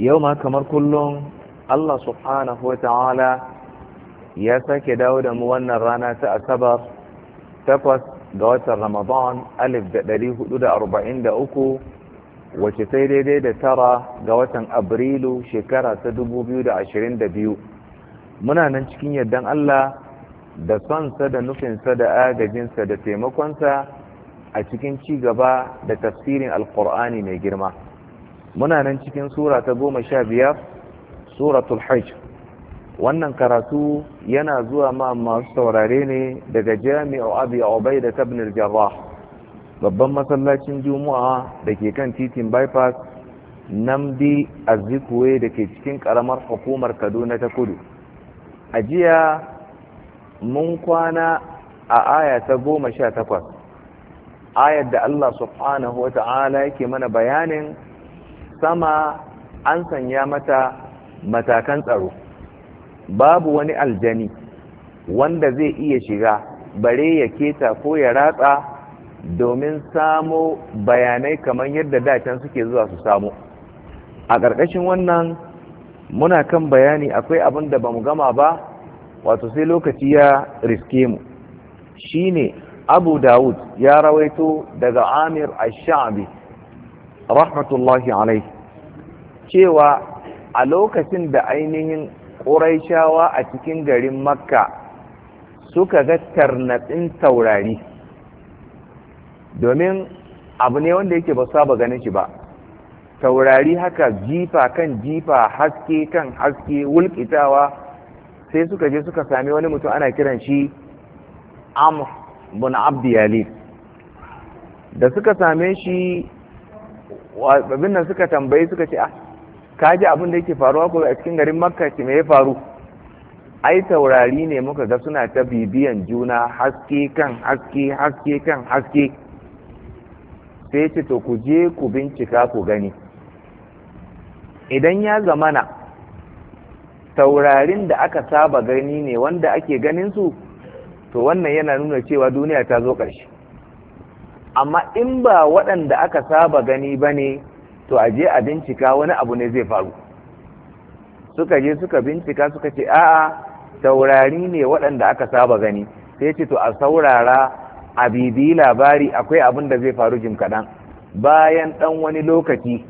yau ma kamar kullum Allah subhanahu wa ta'ala ya sake dawo da mu wannan rana ta asabar takwas ga watan ramadan alif da ɗari hudu da arba'in da uku wace sai daidai da tara ga watan abrilu shekara ta dubu biyu da ashirin da biyu muna nan cikin yardan Allah da sonsa da nufinsa da agajinsa da taimakonsa a cikin ci gaba da tafsirin alkur'ani mai girma muna nan cikin sura ta goma sha biyar suratul hajj wannan karatu yana zuwa ma masu saurare ne daga jami'a abi obai da tabnir Jawa. babban masallacin juma'a da ke kan titin bypass namdi zikuwe da ke cikin karamar hukumar kaduna ta kudu a jiya mun kwana a aya ta goma sha takwas ayar da allah subhanahu wa ta'ala yake mana bayanin sama an sanya mata matakan tsaro babu wani aljani wanda zai iya shiga bare ya keta ko ya ratsa domin samo bayanai kamar yadda dacen suke zuwa su samu. a ƙarƙashin wannan muna kan bayani akwai abin da ba mu gama ba wato sai lokaci ya riske mu shine abu dawud ya rawaito daga amir al shabi rahmatullahi alaihi cewa a lokacin da ainihin ƙuraishawa a cikin garin makka suka ga tarnatsin taurari domin abu ne wanda yake ba saba ganin shi ba taurari haka jifa kan jifa haske kan haske wulƙitawa, sai suka je suka sami wani mutum ana kiran shi amur bin abdiyali da suka same shi abin nan suka tambayi suka ce ah ka ji abin da yake faruwa ko a cikin garin makka ce me ya faru ai taurari ne muka ga suna ta bibiyan juna haske kan haske haske kan haske sai ce to ku je ku bincika ku gani idan ya zamana taurarin da aka saba gani ne wanda ake ganin su to wannan yana nuna cewa duniya ta zo ƙarshe amma in ba waɗanda aka saba gani ba ne to a je a bincika wani abu ne zai faru suka je suka bincika suka ce a'a taurari ne waɗanda aka saba gani sai ce to a saurara a bibi labari akwai abin da zai faru jim kaɗan bayan ɗan wani lokaci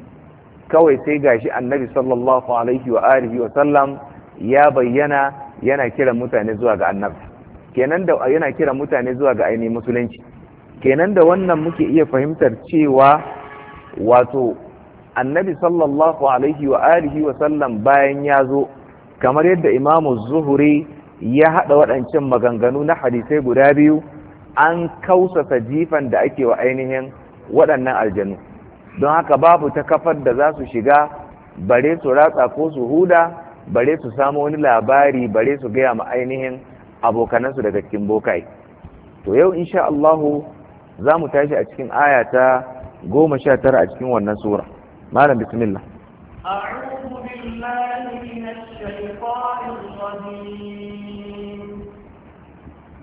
kawai sai gashi annabi sallallahu alaihi wa alihi wa sallam ya bayyana yana kiran mutane zuwa ga annabi kenan da yana kiran mutane zuwa ga ainihin musulunci kenan da wannan muke iya fahimtar cewa wato annabi sallallahu alaihi wa alihi wa sallam bayan ya zo kamar yadda imamu zuhuri ya haɗa waɗancan maganganu na hadisai guda biyu an kausasa jifan da ake wa ainihin waɗannan aljanu don haka babu ta kafar da za su shiga bare su ratsa ko su huda bare su samu wani labari bare su gaya ma ainihin abokanansu daga cikin bokai to yau insha Allahu za mu tashi a cikin aya ta goma sha tara a cikin wannan sura malam bismillah أعوذ بالله من الشيطان الرجيم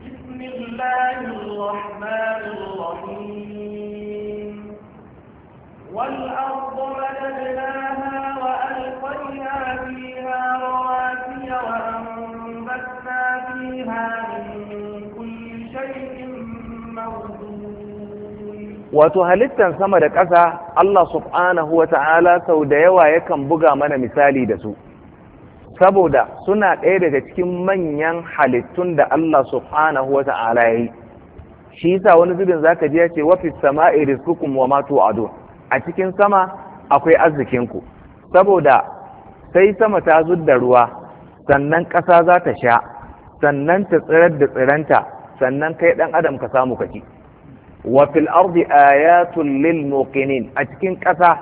بسم الله الرحمن الرحيم والأرض مددناها وألقينا فيها رواسي وأنبتنا فيها من wato halittar sama da ƙasa Allah subhanahu wa ta'ala sau da yawa yakan buga mana misali da su saboda suna ɗaya daga cikin manyan halittun da Allah subhanahu wa ta'ala ya yi shi yasa wani zubin zaka ji ya ce wa fi sama'i rizqukum wa ma tu'adun a cikin sama akwai arzikinku saboda sai sama ta zudda ruwa sannan ƙasa za ta sha sannan ta tsirar da tsiranta sannan kai ɗan adam ka samu kaci wa fil ardi ayatun lil muqinin a cikin ƙasa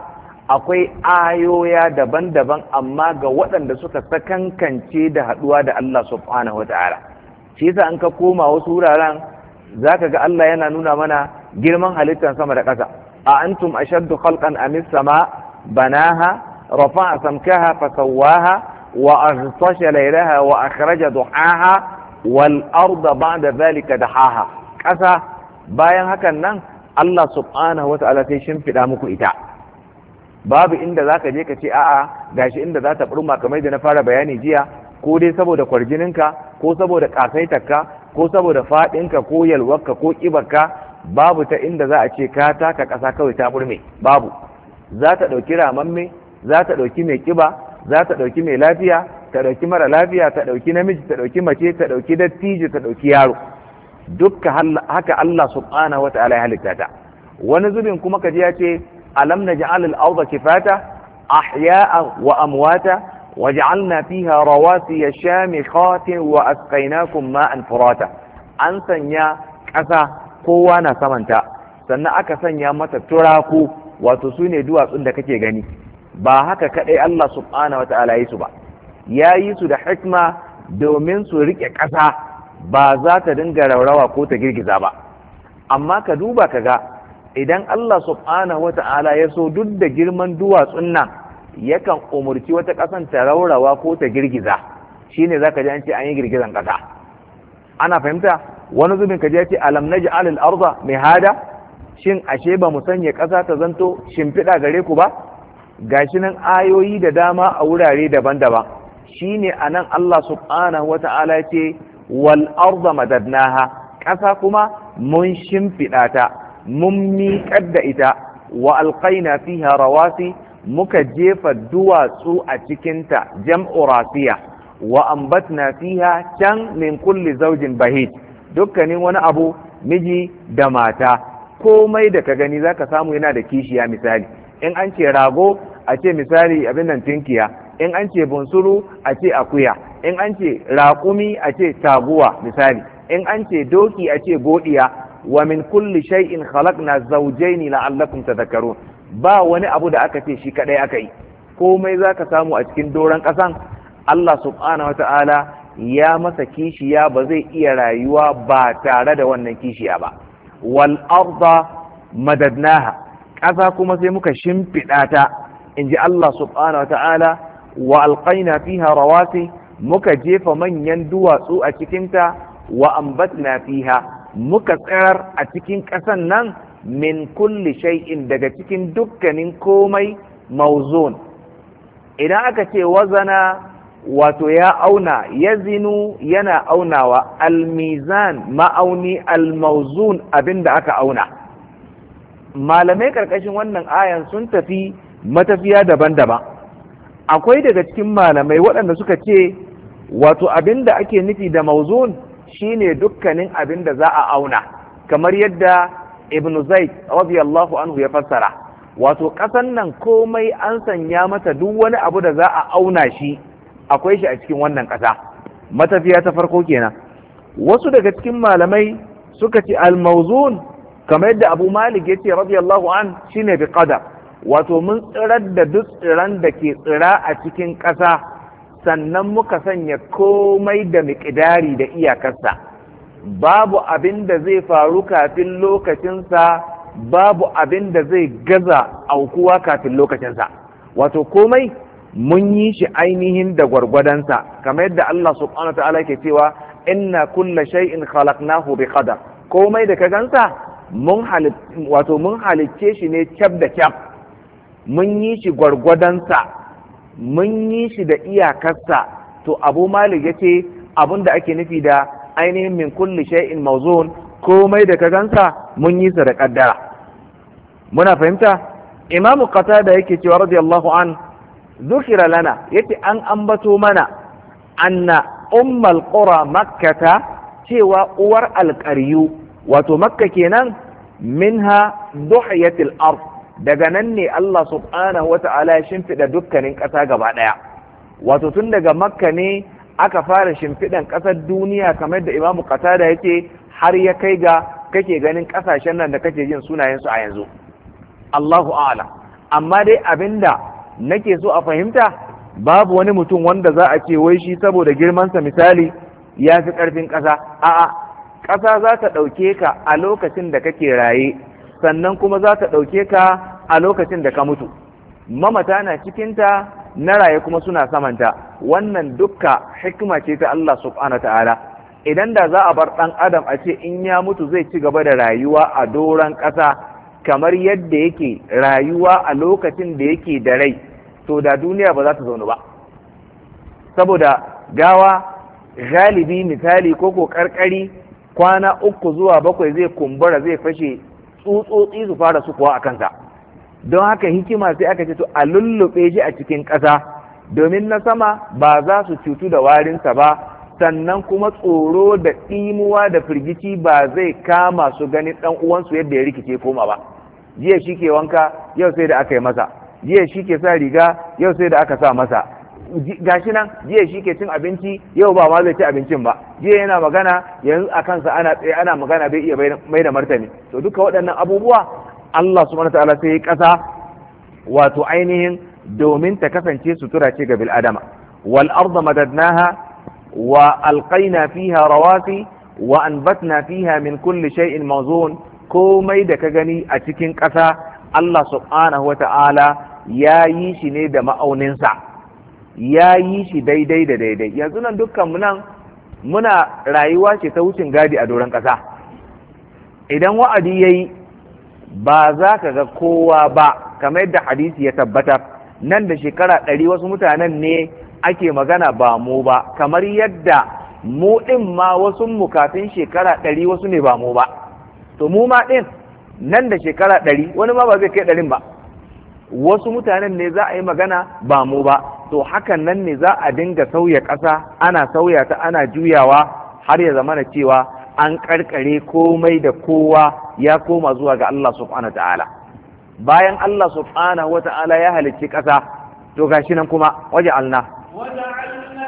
akwai ayoya daban-daban amma ga waɗanda suka sakankance da haɗuwa da Allah subhanahu wata'ala shi yasa an ka koma wasu wuraren zaka ga Allah yana nuna mana girman halittar sama da ƙasa a antum ashaddu khalqan amis sama banaha rafa'a samkaha fasawwaha wa ليلها duhaha ضحاها والأرض بعد ذلك دحاها ƙasa bayan hakan nan Allah subhanahu wata'ala sai shimfiɗa muku ita babu inda za je ka ce a'a gashi inda za ta burma kamar da na fara bayani jiya ko dai saboda kwarjininka ko saboda ƙasaitarka ko saboda faɗinka ko yalwarka ko ka, babu ta inda za a ce ka taka ƙasa kawai ta burme, babu za ta ɗauki ramamme za ta ɗauki mai kiba, za ta ɗauki mai lafiya ta ɗauki mara lafiya ta ɗauki namiji ta ɗauki mace ta ɗauki dattijo ta ɗauki yaro Dukka haka Allah subhanahu wa ta'ala ya halitta ta wani zubin kuma kaji ya ce alam naj'al al-ardha kifata ahya'a wa amwata waj'alna fiha rawasiya shamikhatin wa asqaynakum ma'an furata an sanya ƙasa kowa na samanta sannan aka sanya mata turaku wato su ne duwatsun da kake gani ba haka kaɗai Allah subhanahu wa ta'ala ya yi su ba ya yi su da hikma domin su riƙe ƙasa ba za ta dinga raurawa ko ta girgiza ba amma ka duba ka ga idan Allah subhanahu wata'ala ya so duk da girman duwatsun nan yakan umurci wata ƙasan ta raurawa ko ta girgiza shine zaka ji an ce an yi girgizan ƙasa ana fahimta wani zubin ka ji ce alam naj'al al mai hada? shin ashe ba mu sanya ƙasa ta zanto shimfiɗa gare ku ba gashi nan ayoyi da dama a wurare daban-daban shine anan Allah subhanahu wata'ala ya ce wal arda madadnaha ƙasa kuma mun shimfiɗa ta mun miƙar da ita wa alqaina fiha rawasi muka jefa duwatsu a cikinta jam'u rasiya wa ambatna fiha can min kulli zaujin bahij dukkanin wani abu miji da mata komai da ka gani zaka samu yana da kishiya misali in an ce rago a ce misali abin nan tinkiya in an ce bunsuru a ce akuya in an ce raƙumi a ce taguwa misali in an ce doki a ce godiya wa min kulli shay'in khalaqna zawjayn la'allakum tadhakkarun ba wani abu da aka ce shi kadai aka yi komai zaka samu a cikin doran kasan Allah subhanahu wata'ala ya masa kishiya ba zai iya rayuwa ba tare da wannan kishiya ba wal arda madadnaha ƙasa kuma sai muka shimfiɗa ta in ji Allah subhanahu wata'ala wa alqaina fiha rawasi muka jefa manyan duwatsu a cikinta wa ambatna fiha muka tsirar a cikin ƙasan nan min kulli shay'in daga cikin dukkanin komai mauzon idan aka ce wazana wato ya auna ya zinu yana aunawa almizan ma'auni almauzun abinda aka auna malamai karkashin wannan ayan sun tafi matafiya daban-daban akwai daga cikin malamai waɗanda suka ce wato abin da ake nufi da mauzun shine dukkanin abin da za a auna kamar yadda ibn zaid radiyallahu anhu ya fassara wato ƙasan nan komai an sanya mata duk wani abu da za a auna shi akwai shi a cikin wannan ƙasa matafiya ta farko kenan wasu daga cikin malamai suka ce al-mawzun kamar yadda abu malik ya ce radiyallahu an shine bi qadar wato mun tsirar da duk tsiran da ke tsira a cikin ƙasa sannan muka sanya komai da miƙidari da iyakarsa babu abin da zai faru kafin lokacinsa babu abin da zai gaza aukuwa kafin lokacinsa wato komai mun yi shi ainihin da gwargwadonsa kamar yadda Allah subhanahu ta'ala ke cewa inna kulla shay'in khalaqnahu bi qadar komai da ka gansa wato mun halicce shi ne kyab da kyab mun yi shi gwargwadonsa mun yi shi da iyakarsa to abu malik ya ce abin da ake nufi da ainihin min kulli shay'in mawzun komai da ka gansa mun yi sa da kaddara muna fahimta imamu qatada yake cewa radiyallahu an zukira lana yace an ambato mana anna ummal qura makkata cewa uwar alqaryu wato makka kenan minha duhiyatil ardh daga nan ne Allah subhanahu wata'ala ya shimfiɗa dukkanin ƙasa gaba ɗaya wato tun daga makka ne aka fara shimfiɗan ƙasar duniya kamar da imamu ƙasa da yake har ya kai ga kake ganin ƙasashen nan da kake jin sunayensu a yanzu Allahu a'ala amma dai abinda nake so a fahimta babu wani mutum wanda za a ce wai shi saboda girmansa misali ya fi ƙarfin ƙasa a'a ƙasa za ta ɗauke ka a lokacin da kake raye sannan kuma za ta ɗauke ka a lokacin da ka mutu mamata na cikinta na raye kuma suna samanta wannan dukka hikima ce ta Allah subhanahu ta'ala idan da za a bar ɗan adam a ce in ya mutu zai ci gaba da rayuwa a doron ƙasa kamar yadda yake rayuwa a lokacin da yake da rai to da duniya ba za ta zaunu ba saboda gawa galibi misali ko ko karkari kwana uku zuwa bakwai zai kumbura zai fashe tsutsotsi su fara sukuwa a kansa don haka hikima sai aka ce to a lullube shi a cikin ƙasa domin na sama ba za su cutu da warinsa ba sannan kuma tsoro da ɗimuwa da firgici ba zai kama su ganin ɗan uwansu yadda ya rikice koma ba jiya shi ke wanka yau sai da aka yi masa jiya shi ke sa riga yau sai da aka sa masa gashi nan jiya shi ke cin abinci yau ba ma zai ci abincin ba jiya yana magana yanzu a kansa ana ana magana bai iya mai da martani to duka waɗannan abubuwa Allah subhanahu ta'ala sai ya kasa wato ainihin domin ta kasance sutura ce ga bil adama wal arda madadnaha wa alqaina fiha rawasi wa anbatna fiha min kulli shay'in mawzun komai da ka gani a cikin ƙasa Allah subhanahu wa ya yi shi ne da ma'auninsa ya yi shi daidai da daidai yanzu nan dukkan nan muna rayuwa ce ta wucin gadi a doron ƙasa idan wa'adi ya yi ba za ka ga kowa ba kamar yadda hadisi ya tabbatar nan da shekara ɗari wasu mutanen ne ake magana ba mu ba kamar yadda mu ɗin ma wasu mu kafin shekara ɗari wasu ne ba mu ba to mu ma ɗin nan da shekara ɗari wani ma ba zai kai ɗarin ba wasu mutanen ne za a yi magana ba mu ba to hakan nan ne za a dinga sauya ƙasa ana sauya ta ana juyawa har ya zamana cewa an ƙarƙare komai da kowa ya koma zuwa ga Allah subhanahu ta'ala bayan Allah subhanahu wa ta'ala ya halicci ƙasa to gashi nan kuma waje alna وجعلنا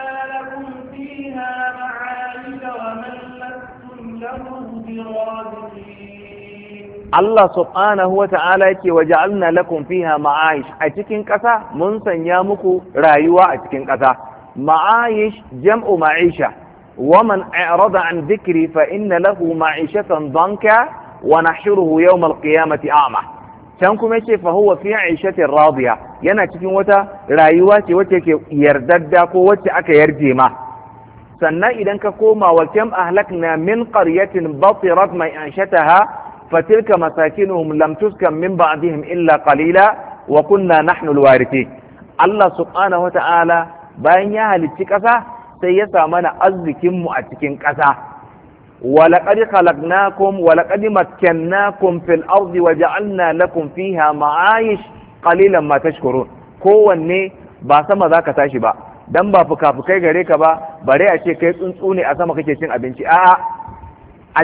Allah subhanahu wa ta'ala yake waje alna lakun fiha ma'aish a cikin ƙasa mun sanya muku rayuwa a cikin ƙasa ma'aish jam'u ma'isha wa man a'rada an zikri fa inna lahu ma'ishatan danka wa nahshuruhu yawm al-qiyamati a'ma can kuma yace fa huwa fi 'ishatin radiya yana cikin wata rayuwa ce wacce ke yardadda ko wacce aka yarje ma sannan idan ka koma wa kam ahlakna min qaryatin batirat ma'ishataha fatilka masakinuhum lam tuskan min ba'dihim illa qalila wa kunna nahnu alwarithin Allah subhanahu wata'ala bayan ya halicci ƙasa sai ya sa mana arzikin mu a cikin ƙasa wa laqad khalaqnakum wa laqad fil ardi wa ja'alna lakum fiha ma'ayish qalilan ma tashkurun kowanne ba sama zaka tashi ba dan ba fuka-fukai gare ka ba bare a ce kai tsuntsu ne a sama kake cin abinci a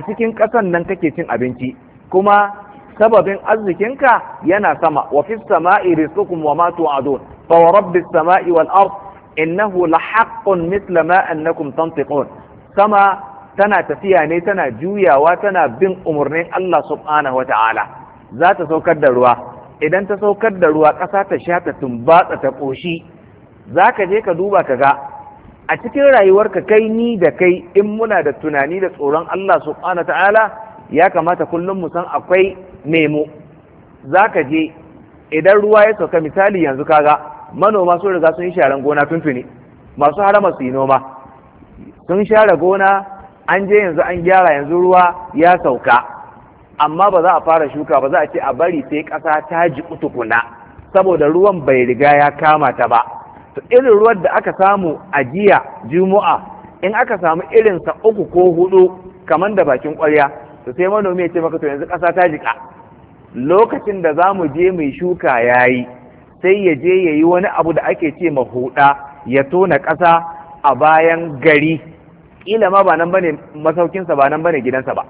cikin ƙasan nan kake cin abinci kuma sababin arzikinka yana sama wa fi sama'i rizqukum wa ma tu'adun fa wa rabbis sama'i wal ard innahu lahaqqun mithla ma annakum tantiqun sama tana tafiya ne tana juyawa tana bin umarnin Allah subhanahu wata'ala za ta saukar da ruwa idan ta saukar da ruwa ƙasa ta sha ta tumbatsa ta ƙoshi za ka je ka duba ka ga a cikin rayuwarka kai ni da kai in muna da tunani da tsoron Allah subhanahu ta'ala ya kamata kullum mu san akwai nemo za ka je idan ruwa ya sauka misali yanzu kaga manoma sun riga sun sharan gona tuntuni masu harama su yi noma sun share gona an je yanzu an gyara yanzu ruwa ya sauka amma ba za a fara shuka ba za a ce a bari sai ƙasa ta ji tukuna saboda ruwan bai riga ya kama ta ba to irin ruwan da aka samu a jiya juma'a in aka samu irinsa uku ko hudu kamar da bakin ƙwarya to sai manomi ya ce maka to yanzu ƙasa ta jika lokacin da za mu je mai shuka ya yi sai ya je ya yi wani abu da ake ce ma huɗa ya tona ƙasa a bayan gari ƙila ma ba nan bane masaukinsa ba nan bane gidansa ba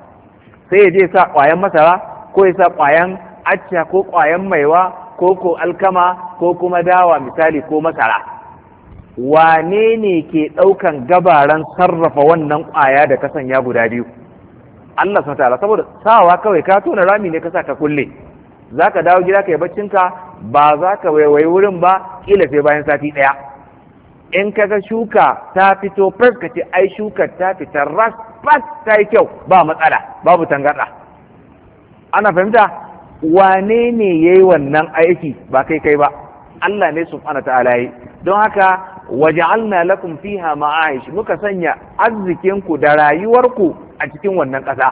sai ya je ya sa ƙwayan masara ko ya sa ƙwayan acca ko ƙwayan maiwa ko ko alkama ko kuma dawa misali ko masara wane ne ke ɗaukan gabaran sarrafa wannan ƙwaya da ka sanya guda biyu Allah sa ta'ala saboda sawa kawai ka tona rami ne ka sa ka kulle za ka dawo gida ka yi baccinka ba za ka waiwai wurin ba kila sai bayan sati ɗaya. in ka ga shuka ta fito fas ka ce ai shuka ta fita ras fas ta yi kyau ba matsala babu tangarɗa. ana fahimta wane ne ya yi wannan aiki ba kai kai ba Allah ne subhanahu ta'ala yi don haka waja'alna lakum fiha ma'aish muka sanya arzikinku da rayuwarku a cikin wannan ƙasa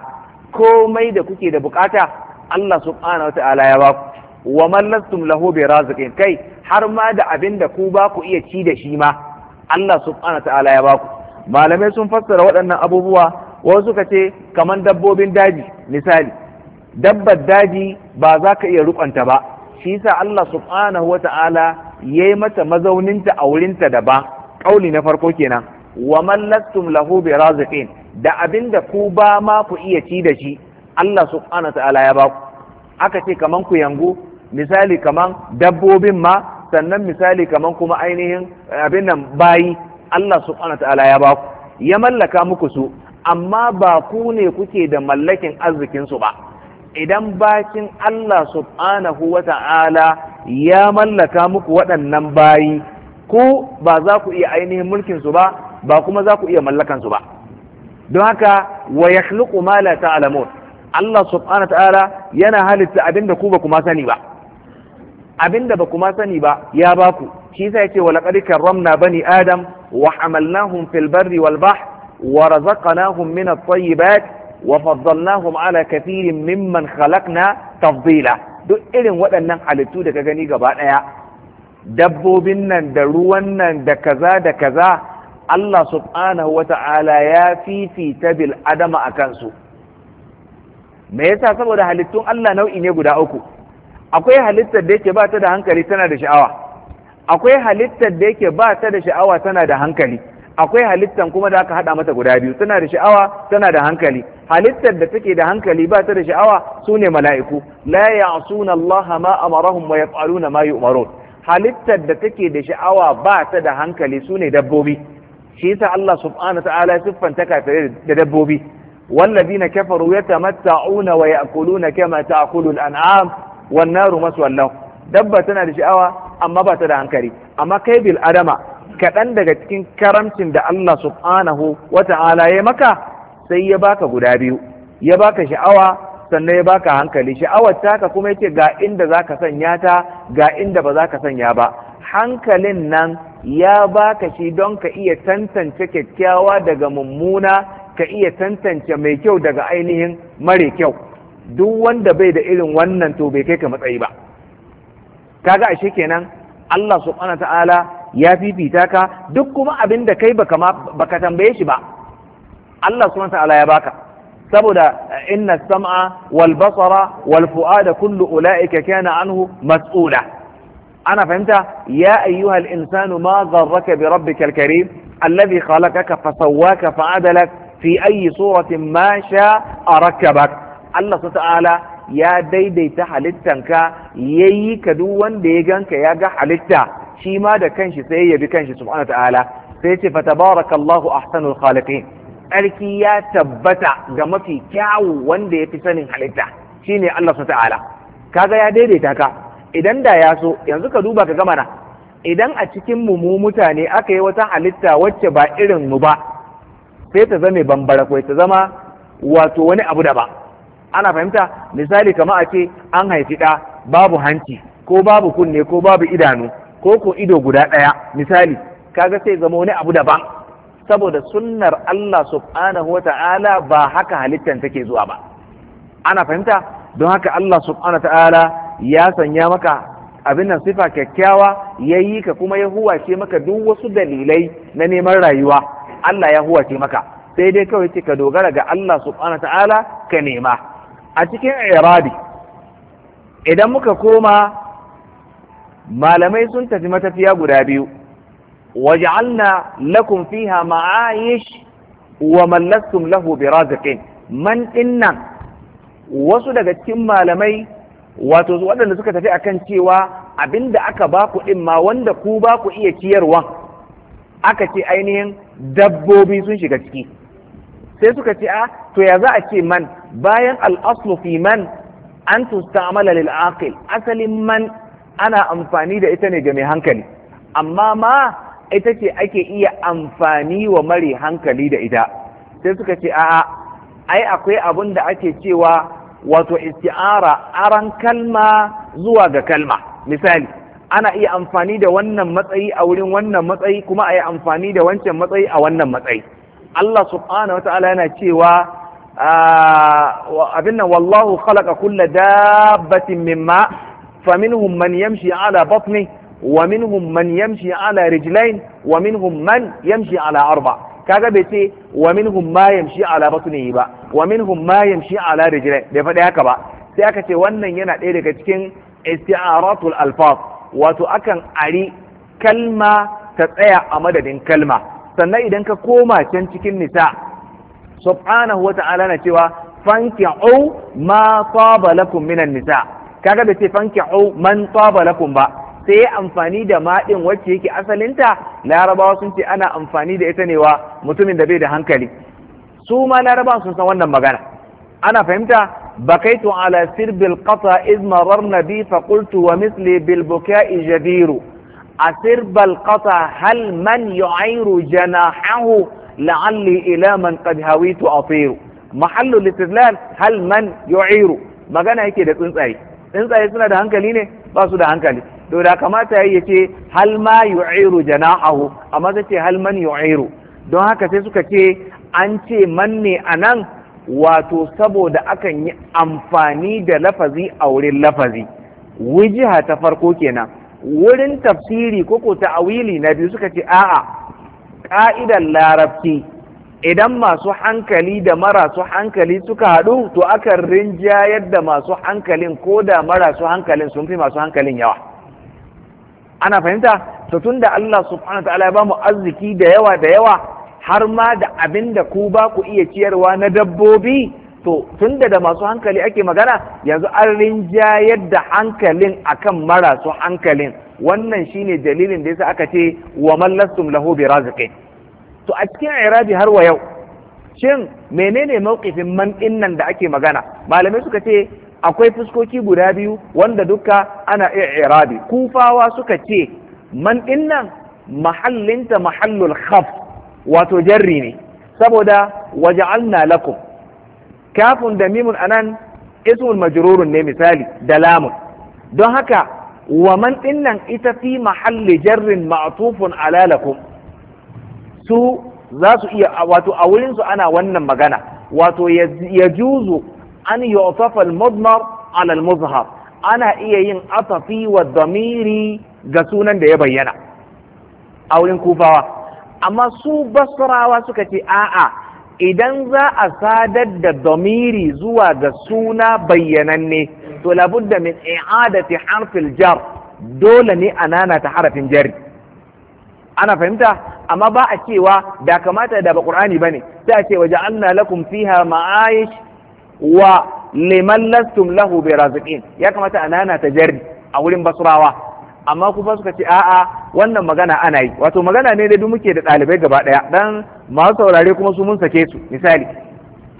komai da kuke da bukata Allah subhanahu Ta'ala ya baku wa mallastum lastum lahu bi kai har ma da abin da ku baku iya ci da shi ma Allah subhanahu Ta'ala ya baku malamai sun fassara waɗannan abubuwa wasu suka ce kaman dabbobin daji misali dabbar daji ba za ka iya rukunta ba shi yasa Allah subhanahu Ta'ala. ya yi mata mazauninta a wurinta da ba ƙauli na farko kenan wa man lahu bi raziqin da abin da ku ba ma ku iya ci da shi Allah subhanahu wa ta'ala ya ba ku aka ce kaman ku yangu, misali kaman dabbobin ma sannan misali kaman kuma ainihin abin nan bayi Allah subhanahu wa ta'ala ya ba ku ya mallaka muku su amma ba ku ne kuke da mallakin arzikinsu ba idan bakin Allah subhanahu wa ta'ala ya mallaka muku waɗannan bayi ko ba za ku iya ainihin mulkin su ba ba kuma za ku iya mallakan su ba don haka wa yakhluqu ma la ta'lamun Allah subhanahu ta'ala yana halitta abinda ku ba kuma sani ba abinda ba kuma sani ba ya ba ku shi yasa yake wa laqad karramna bani adam wa hamalnahum fil barri wal bahr wa razaqnahum min at-tayyibat wa faddalnahum ala kathirin mimman khalaqna tafdila duk irin waɗannan halittu da ka gani gaba ɗaya dabbobin nan da ruwan nan da kaza da kaza Allah subhanahu wata'ala ya fifita bil adama a kansu me yasa saboda halittun Allah nau'i ne guda uku akwai halittar da yake ba ta da hankali tana da sha'awa akwai halittar da yake ba ta da sha'awa tana da hankali akwai halittan kuma da aka haɗa mata guda biyu tana da sha'awa tana da hankali halittar da take da hankali ba ta da sha'awa su ne mala'iku la ya'suna Allah ma amarahum wa yaf'aluna ma yu'marun halittar da take da sha'awa ba ta da hankali su ne dabbobi shi yasa Allah subhanahu ta'ala siffanta kafirai da dabbobi والذين كفروا يتمتعون ويأكلون كما تأكل الأنعام والنار مسوى لهم dabba tana da sha'awa amma ba ta da hankali amma kai bil adama kaɗan daga cikin karamcin da Allah subhanahu wa ta'ala ya maka sai ya baka guda biyu ya baka sha'awa sannan ya baka hankali sha'awar taka kuma yace ga inda zaka sanya ta ga inda ba za ka sanya ba hankalin nan ya baka shi don ka iya tantance kyakkyawa daga mummuna ka iya tantance mai kyau daga ainihin mare kyau duk wanda bai da irin wannan to bai kai ka matsayi ba kaga ashe kenan Allah subhanahu ta'ala ya fifita ka duk kuma abin da kai baka tambaye shi ba Allah subhanahu ta'ala ya baka saboda eh, inna sam'a wal basara wal fu'ada kullu ulaika kana anhu mas'ula ana fahimta ya ayyuhal insanu ma gharraka bi rabbikal karim alladhi khalaqaka fasawwaka fa'adala, fi ayi suratin ma sha arakkabak Allah subhanahu ta'ala ya daidaita halittanka ya yi ka duk wanda ya ganka ya ga halitta shi ma da kanshi sai ya bi kanshi subhanahu ta'ala sai ce fatabarakallahu ahsanul khaliqin tsarki ya tabbata ga mafi kyawu wanda ya fi sanin halitta shine Allah subhanahu ta'ala kaga ya daidaita ka idan da ya so yanzu ka duba ka gama idan a cikin mu mu mutane aka yi wata halitta wacce ba irin mu ba sai ta zame bambara ta zama wato wani abu da ba ana fahimta misali kamar a ce an haifi ɗa babu hanci ko babu kunne ko babu idanu ko ko ido guda ɗaya misali kaga sai zama wani abu daban saboda sunnar Allah subhanahu wa ta'ala ba haka halittan take zuwa ba ana fahimta don haka Allah subhanahu wa ta'ala ya sanya maka abin nan sifa kyakkyawa ya yi ka kuma ya huwace maka duk wasu dalilai na neman rayuwa Allah ya huwace maka sai dai kawai ce ka dogara ga Allah subhanahu ta'ala ka nema a cikin iradi idan muka koma malamai sun tafi matafiya guda biyu waj'alna lakum fiha ma'ayish wa mallastum lahu biraziqin man dinnan wasu daga cikin malamai wato waɗanda suka tafi akan cewa abinda aka ba ku din ma wanda ku ba ku iya ciyarwa aka ce ainihin dabbobi sun shiga ciki sai suka ce a ah, to ya za a ce man bayan al-aslu fi man an tustamala lil aqil asalin man ana amfani da ita ne ga mai hankali amma ma ita ce ake iya amfani wa mari hankali da ita sai suka ce a'a ai akwai abin da ake cewa wato isti'ara aran kalma zuwa ga kalma misali ana iya amfani da wannan matsayi a wurin wannan matsayi kuma a yi amfani da wancan matsayi a wannan matsayi Allah subhanahu wata'ala yana cewa abin nan wallahu khalaqa kulla dabbatin mimma فمنهم من يمشي على بطنه ومنهم من يمشي على رجلين ومنهم من يمشي على أربع kaga bai ce wa minhum ma yamshi ala batnihi ba wa minhum ma yamshi ala rijlai bai faɗi haka ba sai aka ce wannan yana ɗaya daga cikin isti'aratul alfaz wato akan ari kalma ta tsaya a madadin kalma sannan idan ka koma can cikin nisa subhanahu wata'ala na cewa fanki'u ma saba lakum minan nisa Ka ga ce fanki man taba lakum ba sai ya amfani da maɗin wacce yake asalinta larabawa sun ce ana amfani da ita ne wa mutumin da bai da hankali su ma larabawa sun san wannan magana ana fahimta bakaitu ala sirbil qata iz mararna bi wa misli bil buka'i jabiru asirbal qata hal man yu'iru janahu la'alli ila man qad hawitu atiru محل الاستدلال هل من يعير مجانا هيك ده تنسى tsuntsaye suna da hankali ne ba su da hankali to da kamata yayi yace hal ma yu'iru janahu amma sai ce hal man yu'iru don haka sai suka ce an ce man ne anan wato saboda akan yi amfani da lafazi a wurin lafazi wujiha ta farko kenan wurin tafsiri ko ko ta'awili na biyu suka ce a'a ka'idar larabci idan masu hankali da marasu hankali suka haɗu to aka rinjayar yadda masu hankalin ko da marasu hankalin sun fi masu hankalin yawa ana fahimta to tun da Allah subhanahu wa ta'ala ya bamu arziki da yawa da yawa har ma da abin da ku ba ku iya ciyarwa na dabbobi to tun da masu hankali ake magana yanzu an rinjayar yadda hankalin akan marasu hankalin wannan shine dalilin da yasa aka ce wa mallastum lahu bi raziqin to a cikin irabi har wa yau shin menene mawqifin man nan da ake magana malamai suka ce akwai fuskoki guda biyu wanda duka ana iya irabi kufawa suka ce man nan mahallinta mahallul khaf wato jarri ne saboda waja'alna lakum kafin da mimun anan ismul majrurun ne misali da lamun don haka wa man nan ita fi mahalli jarrin ma'tufun ala lakum su za su iya wato a wurin su ana wannan magana wato ya juzu an yu'tafa mudmar ala muzhar ana iya yin asafi wa damiri ga sunan da ya bayyana a wurin kufawa amma su basrawa suka ce a'a idan za a sadar da damiri zuwa ga suna bayyananne to labudda min i'adati harfil jar dole ne a nanata harafin jari ana fahimta amma ba a cewa da kamata da ba ƙur'ani ba ne sai a ce waje ja'alna lakum fiha ma'aish wa liman lastum lahu biraziqin ya kamata a nana ta jarri a wurin basurawa amma kuma suka ce a'a wannan magana ana yi wato magana ne da duk muke da ɗalibai gaba ɗaya dan masu saurare kuma su mun sake su misali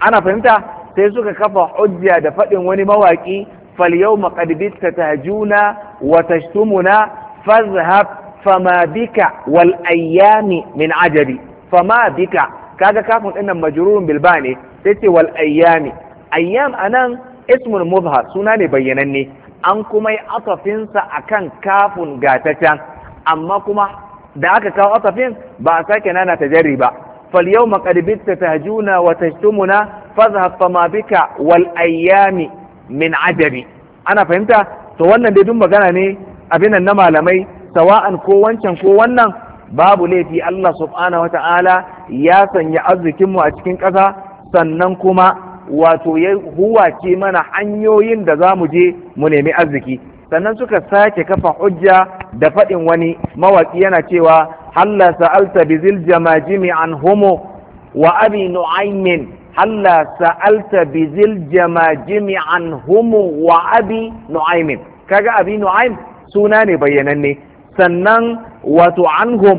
ana fahimta sai suka kafa hujja da faɗin wani mawaƙi falyau maƙadibita ta tajuna wa tashtumuna fazhab Famabika bika wal ayyami min ajabi Famabika bika kaga kafin ɗinnan majrurun bilba ne sai ce wal ayyami ayyam anan ismul mubhar suna ne bayyananne an kuma yi akan kafin gatacen amma kuma da aka kawo atafin ba a sake nana ta tajarri ba fal yau maƙadibit ta tajuna wa tajtumuna fazhab fama bika wal ayyami min ajabi ana fahimta to wannan dai duk magana ne abin nan na malamai sawa'an ko wancan ko wannan babu laifi Allah subhanahu wa ta'ala ya sanya arzikinmu a cikin ƙasa sannan kuma wato ya huwace mana hanyoyin da za mu je mu nemi arziki sannan suka sake kafa hujja da faɗin wani mawaƙi yana cewa halla sa'alta zil jamajimi an wa abi nu'aymin halla sa'alta bizil jamajimi an humo, wa abi nu'aymin kaga abi nu'aym suna ne bayyananne sannan wato anhum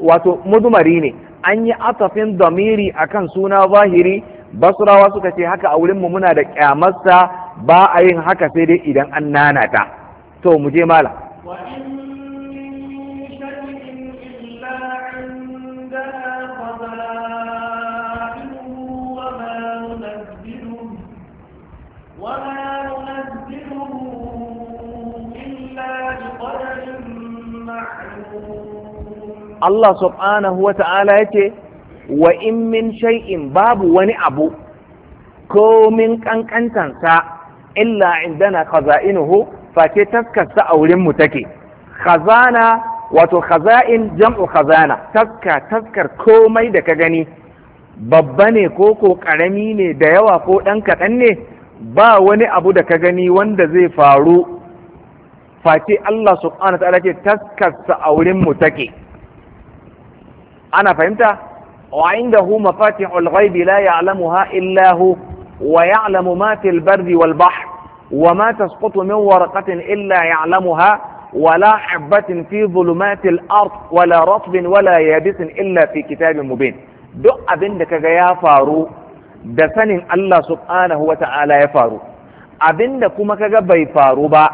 wato mudumari ne an yi atafin damiri akan suna zahiri basurawa suka ce haka a wurinmu muna da kyamarsa ba a yin haka sai dai idan an nanata to muje je mala Allah subhanahu wa ta'ala yace wa in min shay'in babu wani abu ko min kankantansa illa indana khaza'inuhu face taskarsa a wurin mu take khazana wato khaza'in jam'u khazana taska taskar komai da ka gani babba ne ko ko ƙarami ne da yawa ko ɗan kaɗan ne ba wani abu da ka gani wanda zai faru face Allah subhanahu wa ta'ala ce taskarsa a wurin mu take أنا فهمت وعنده مفاتح الغيب لا يعلمها إلا هو ويعلم ما في البر والبحر وما تسقط من ورقة إلا يعلمها ولا حبة في ظلمات الأرض ولا رطب ولا يابس إلا في كتاب مبين دو أبنك يا فارو دفن الله سبحانه وتعالى يا فارو أبنك مك بي فاروبا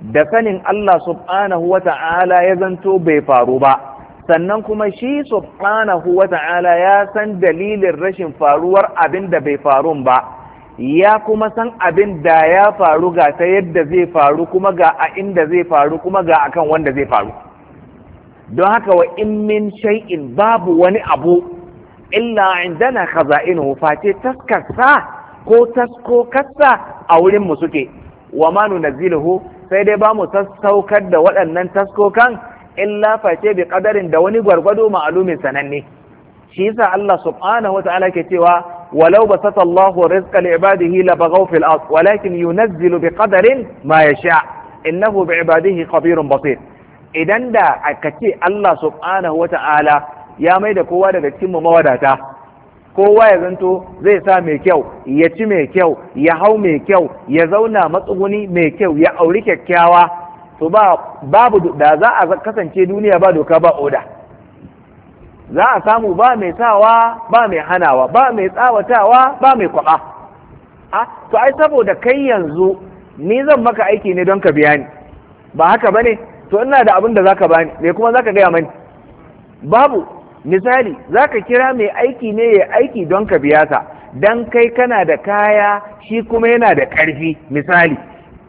با دفن الله سبحانه وتعالى يزنتو بي فارو sannan kuma shi subhanahu wa ta'ala ya san dalilin rashin faruwar abin da bai faru ba ya kuma san abin da ya faru ga ta yadda zai faru kuma ga a inda zai faru kuma ga akan wanda zai faru don haka wa in min shay'in babu wani abu illa indana khaza'inuhu face taskarsa ko kasa a wurinmu suke wa ma nunazziluhu sai dai ba mu sassaukar da waɗannan taskokan illa face bi kadarin da wani gwargwado ma'alumin sananne shi yasa Allah subhanahu wa ta'ala ke cewa walau basata Allahu rizqa li ibadihi la baghaw fil ard walakin yunazzilu bi qadarin ma yasha innahu bi ibadihi khabirun basir idan da aka ce Allah subhanahu wa ta'ala ya mai da kowa daga cikin mu mawadata kowa ya zanto zai sa mai kyau ya ci mai kyau ya hau mai kyau ya zauna matsuguni mai kyau ya auri kyakkyawa to ba babu da za a kasance duniya ba doka ba oda za a samu ba mai sawa ba mai hanawa ba mai tsawatawa ba mai kwaba a to ai saboda kai yanzu ni zan maka aiki ne don ka biya ni ba haka bane to ina da abin da zaka bani me kuma zaka gaya mani babu misali zaka kira mai aiki ne ya aiki don ka biya sa dan kai kana da kaya shi kuma yana da karfi misali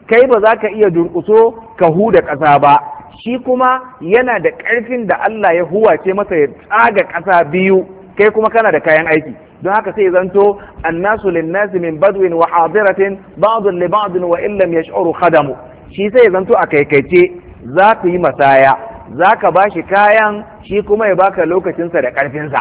kai ba za ka iya durkuso ka huda ƙasa ba shi kuma yana da ƙarfin da Allah ya huwace masa ya tsaga ƙasa biyu kai kuma kana da kayan aiki don haka sai zanto annasu linnasi min badwin wa hadiratin ba'dun li ba'dun wa illam yash'uru khadamu shi sai zanto a kaikaice za ku yi masaya za ka ba shi kayan shi kuma ya baka lokacinsa da ƙarfinsa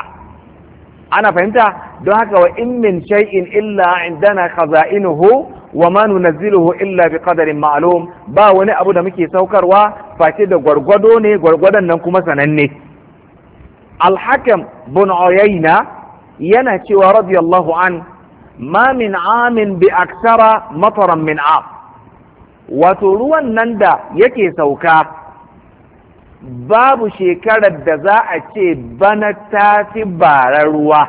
ana fahimta don haka wa in min shay'in illa indana khaza'inuhu wa ma nunazziluhu illa bi qadarin ma'lum ba wani abu da muke saukarwa face da gwargwado ne gwargwadon nan kuma sananne al-hakam bin uyayna yana cewa radiyallahu an ma min amin bi aksara mataran min am wato ruwan nan da yake sauka babu shekarar da za a ce bana ta fi bara ruwa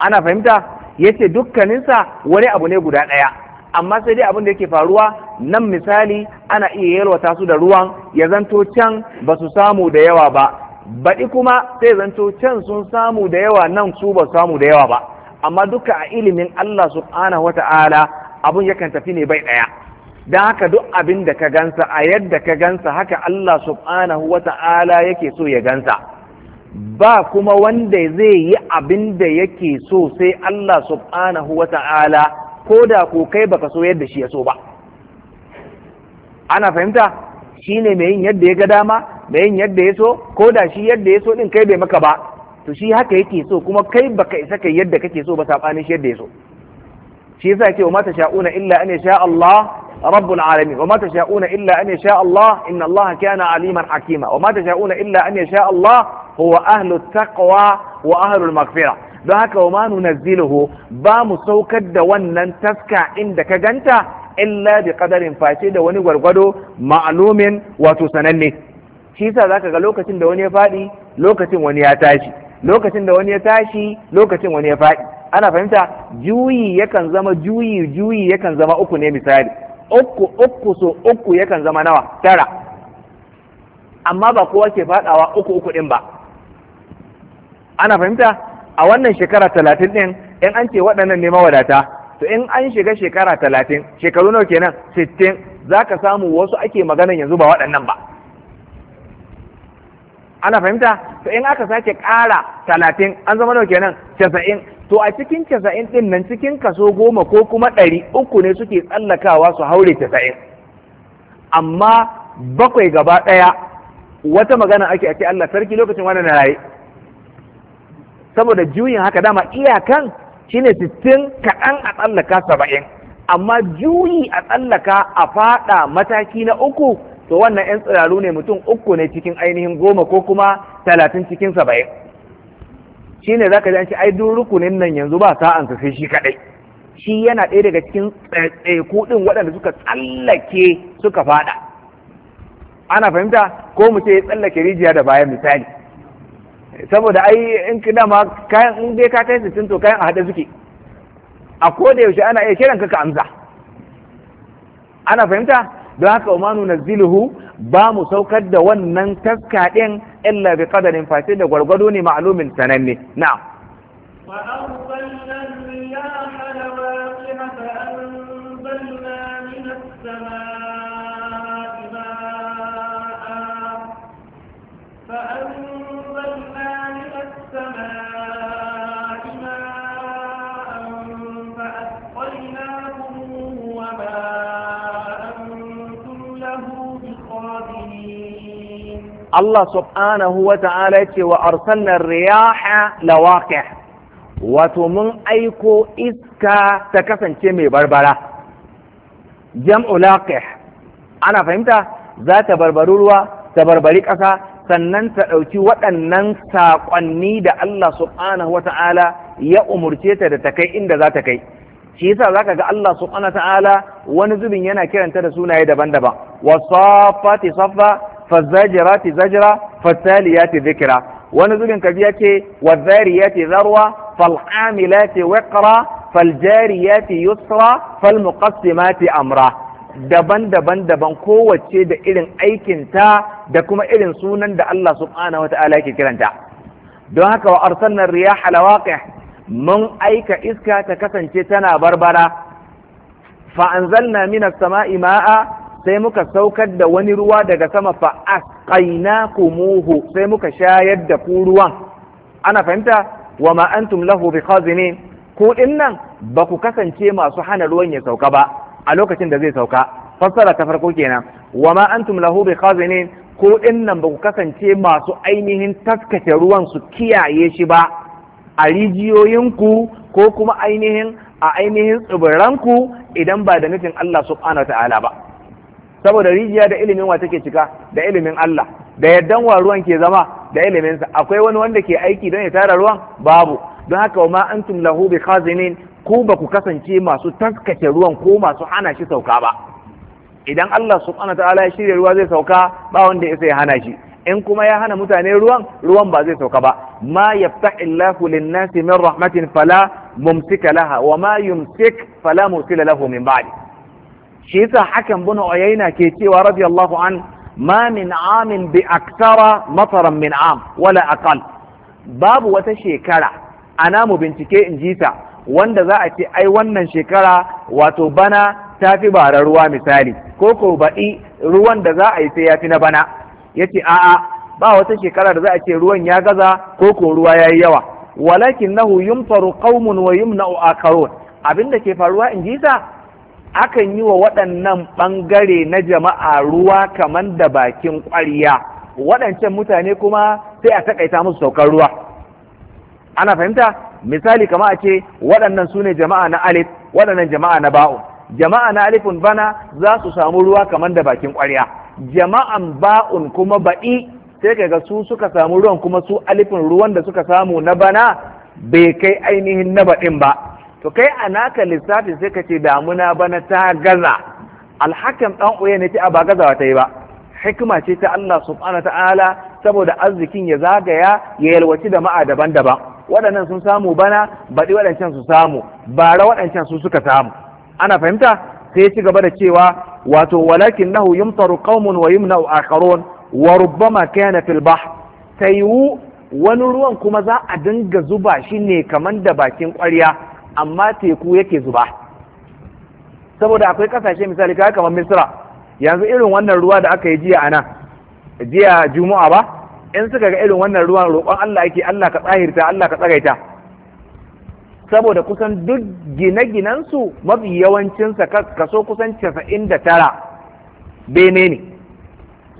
ana fahimta yace dukkaninsa wani abu ne guda ɗaya amma sai dai abin da yake faruwa nan misali ana iya yalwata su da ruwan ya zanto can ba su samu da yawa ba baɗi kuma sai zanto can sun samu da yawa nan su ba samu da yawa ba amma duka a ilimin Allah subhanahu wa ta'ala abun yakan tafi ne bai ɗaya don haka duk abin da ka gansa a yadda ka gansa haka Allah subhanahu wa ta'ala yake so ya gansa ba kuma wanda zai yi abin da yake so sai Allah subhanahu wa ta'ala ko da ko kai baka so yadda shi ya so ba ana fahimta Shi ne mai yin yadda ya ga dama mai yin yadda ya so ko da shi yadda ya so din kai bai maka ba to shi haka yake so kuma kai baka isa kai yadda kake so ba sabanin shi yadda ya so shi yasa yake wa mata sha'una illa an sha Allah rabbul alamin wa mata sha'una illa an sha Allah inna Allah kana aliman hakima wa mata sha'una illa an sha Allah huwa ahlu taqwa wa ahlul maghfira don haka wa ma nunazziluhu ba mu saukar da wannan taska inda ka ganta illa bi qadarin face da wani gwargwado ma'lumin wato sananne shi yasa zaka ga lokacin da wani ya faɗi lokacin wani ya tashi lokacin da wani ya tashi lokacin wani ya faɗi ana fahimta juyi yakan zama juyi juyi yakan zama uku ne misali uku uku so uku yakan zama nawa tara amma ba kowa ke faɗawa uku uku ɗin ba ana fahimta a wannan shekara talatin ɗin in an ce waɗannan ne mawadata to in an shiga shekara talatin shekaru nawa kenan sittin za ka samu wasu ake magana yanzu ba waɗannan ba ana fahimta to in aka sake ƙara talatin an zama nawa kenan casa'in to a cikin casa'in ɗin nan cikin kaso goma ko kuma ɗari uku ne suke tsallakawa su haure casa'in amma bakwai gaba ɗaya wata magana ake ake Allah sarki lokacin wannan na raye saboda juyin haka dama iyakan shine sittin kaɗan a tsallaka saba'in amma juyi a tsallaka a faɗa mataki na uku to wannan 'yan tsiraru ne mutum uku ne cikin ainihin goma ko kuma talatin cikin saba'in shi ne za ka ji ai duk rukunin nan yanzu ba sa'an sai shi kaɗai shi yana ɗaya daga cikin tsaiko ɗin waɗanda suka tsallake suka faɗa ana fahimta ko mu ce tsallake rijiya da bayan misali saboda ai in kina ma kayan in dai ka kai sittin to kayan a haɗe suke a ko da yaushe ana iya kiran ka ka amsa ana fahimta don haka umanu manu ba mu saukar da wannan taska ɗin illa bi qadarin fasi da gwargwado ne ma'lumin sananne na'am الرياح فأنزلنا من السماء Allah subhanahu wa ta'ala ce wa arsalna riyaha lawaqih wato mun aiko iska ta kasance mai barbara jam'u laqih ana fahimta za ta barbari ruwa ta barbari ƙasa sannan ta ɗauki waɗannan saƙonni da Allah subhanahu wa ta'ala ya umurce ta da ta kai inda za ta kai shi yasa zaka ga Allah subhanahu wa ta'ala wani zubin yana kiranta da sunaye daban-daban wasafati safa fazzajirati zajra fataliyati dhikra wani zubin kaji yace wazariyati zarwa falhamilati wiqra faljariyati yusra falmuqassimati amra daban-daban daban kowace da irin aikinta da kuma irin sunan da Allah subhanahu wata'ala yake kiranta don haka wa arsalna riyaha lawaqih mun aika iska ta kasance tana barbara fa anzalna minas sama'i ma'a sai muka saukar da wani ruwa daga sama fa kumuhu. sai muka shayar da ku ruwan ana fahimta wa ma antum lahu bikhazinin ku dinnan ba ku kasance masu hana ruwan ya sauka ba a lokacin da zai sauka fassara ta farko kenan wa ma antum lahu bikhazinin ku dinnan ba ku kasance masu ainihin taskace ruwan su kiyaye shi ba a rijiyoyinku ko kuma ainihin a ainihin tsibiranku idan ba da nufin Allah subhanahu ta'ala ba saboda rijiya da ilimin wa take cika da ilimin Allah da yaddan wa ruwan ke zama da iliminsa, akwai wani wanda ke aiki don ya tara ruwan babu don haka wa ma antum lahu bi khazinin ku ba ku kasance masu taskace ruwan ko masu hana shi sauka ba idan Allah subhanahu ta'ala ya shirya ruwa zai sauka ba wanda ya hana shi in kuma ya hana mutane ruwan ruwan ba zai sauka ba ma yaftah lin-nasi min rahmatin fala mumsika laha wa ma yumsik fala mursila lahu min ba'di shi yasa hakan bin uyayna ke cewa radiyallahu an ma min amin bi aktara mataran min am wala aqal babu wata shekara ana mu bincike in ji ta wanda za a ce ai wannan shekara wato bana ta fi bara ruwa misali ko ko baɗi ruwan da za a yi sai ya fi na bana yace a'a ba wata shekara da za a ce ruwan ya gaza ko ko ruwa ya yi yawa walakin nahu yumfaru qaumun wa yumna'u akharun abin ke faruwa in ji ta akan yi wa waɗannan ɓangare na jama'a ruwa kaman da bakin ƙwarya waɗancan mutane kuma sai a taƙaita musu saukar ruwa ana fahimta misali kama a ce waɗannan su ne jama'a na alif waɗannan jama'a na ba'u jama'a na alifin bana za su samu ruwa kaman da bakin ƙwarya jama'an ba'un kuma baɗi sai ka ga su suka samu ruwan kuma su alifin ruwan da suka samu na bana bai kai ainihin na baɗin ba to kai a naka lissafi sai ka ce damuna bana ta gaza alhakan ɗan uya ne a ba gazawa ta yi ba hikima ce ta Allah subhanahu ta'ala saboda arzikin ya zagaya ya yalwaci da ma'a daban-daban waɗannan sun samu bana baɗi waɗancan su samu bara waɗancan su suka samu ana fahimta sai ci gaba da cewa wato walakin nahu yumtaru qaumun wa yumna'u akharun wa rubbama kana fil bahr tayu wani ruwan kuma za a dinga zuba shi ne kamar da bakin ƙwarya amma teku yake zuba saboda akwai kasashe misali kawai kamar misra yanzu irin wannan ruwa da aka yi jiya a nan jiya juma'a ba in suka ga irin wannan ruwan roƙon Allah ake Allah ka tsahirta Allah ka tsagaita saboda kusan duk gine-ginensu mafi yawancinsa kaso kusan casa'in da tara bene ne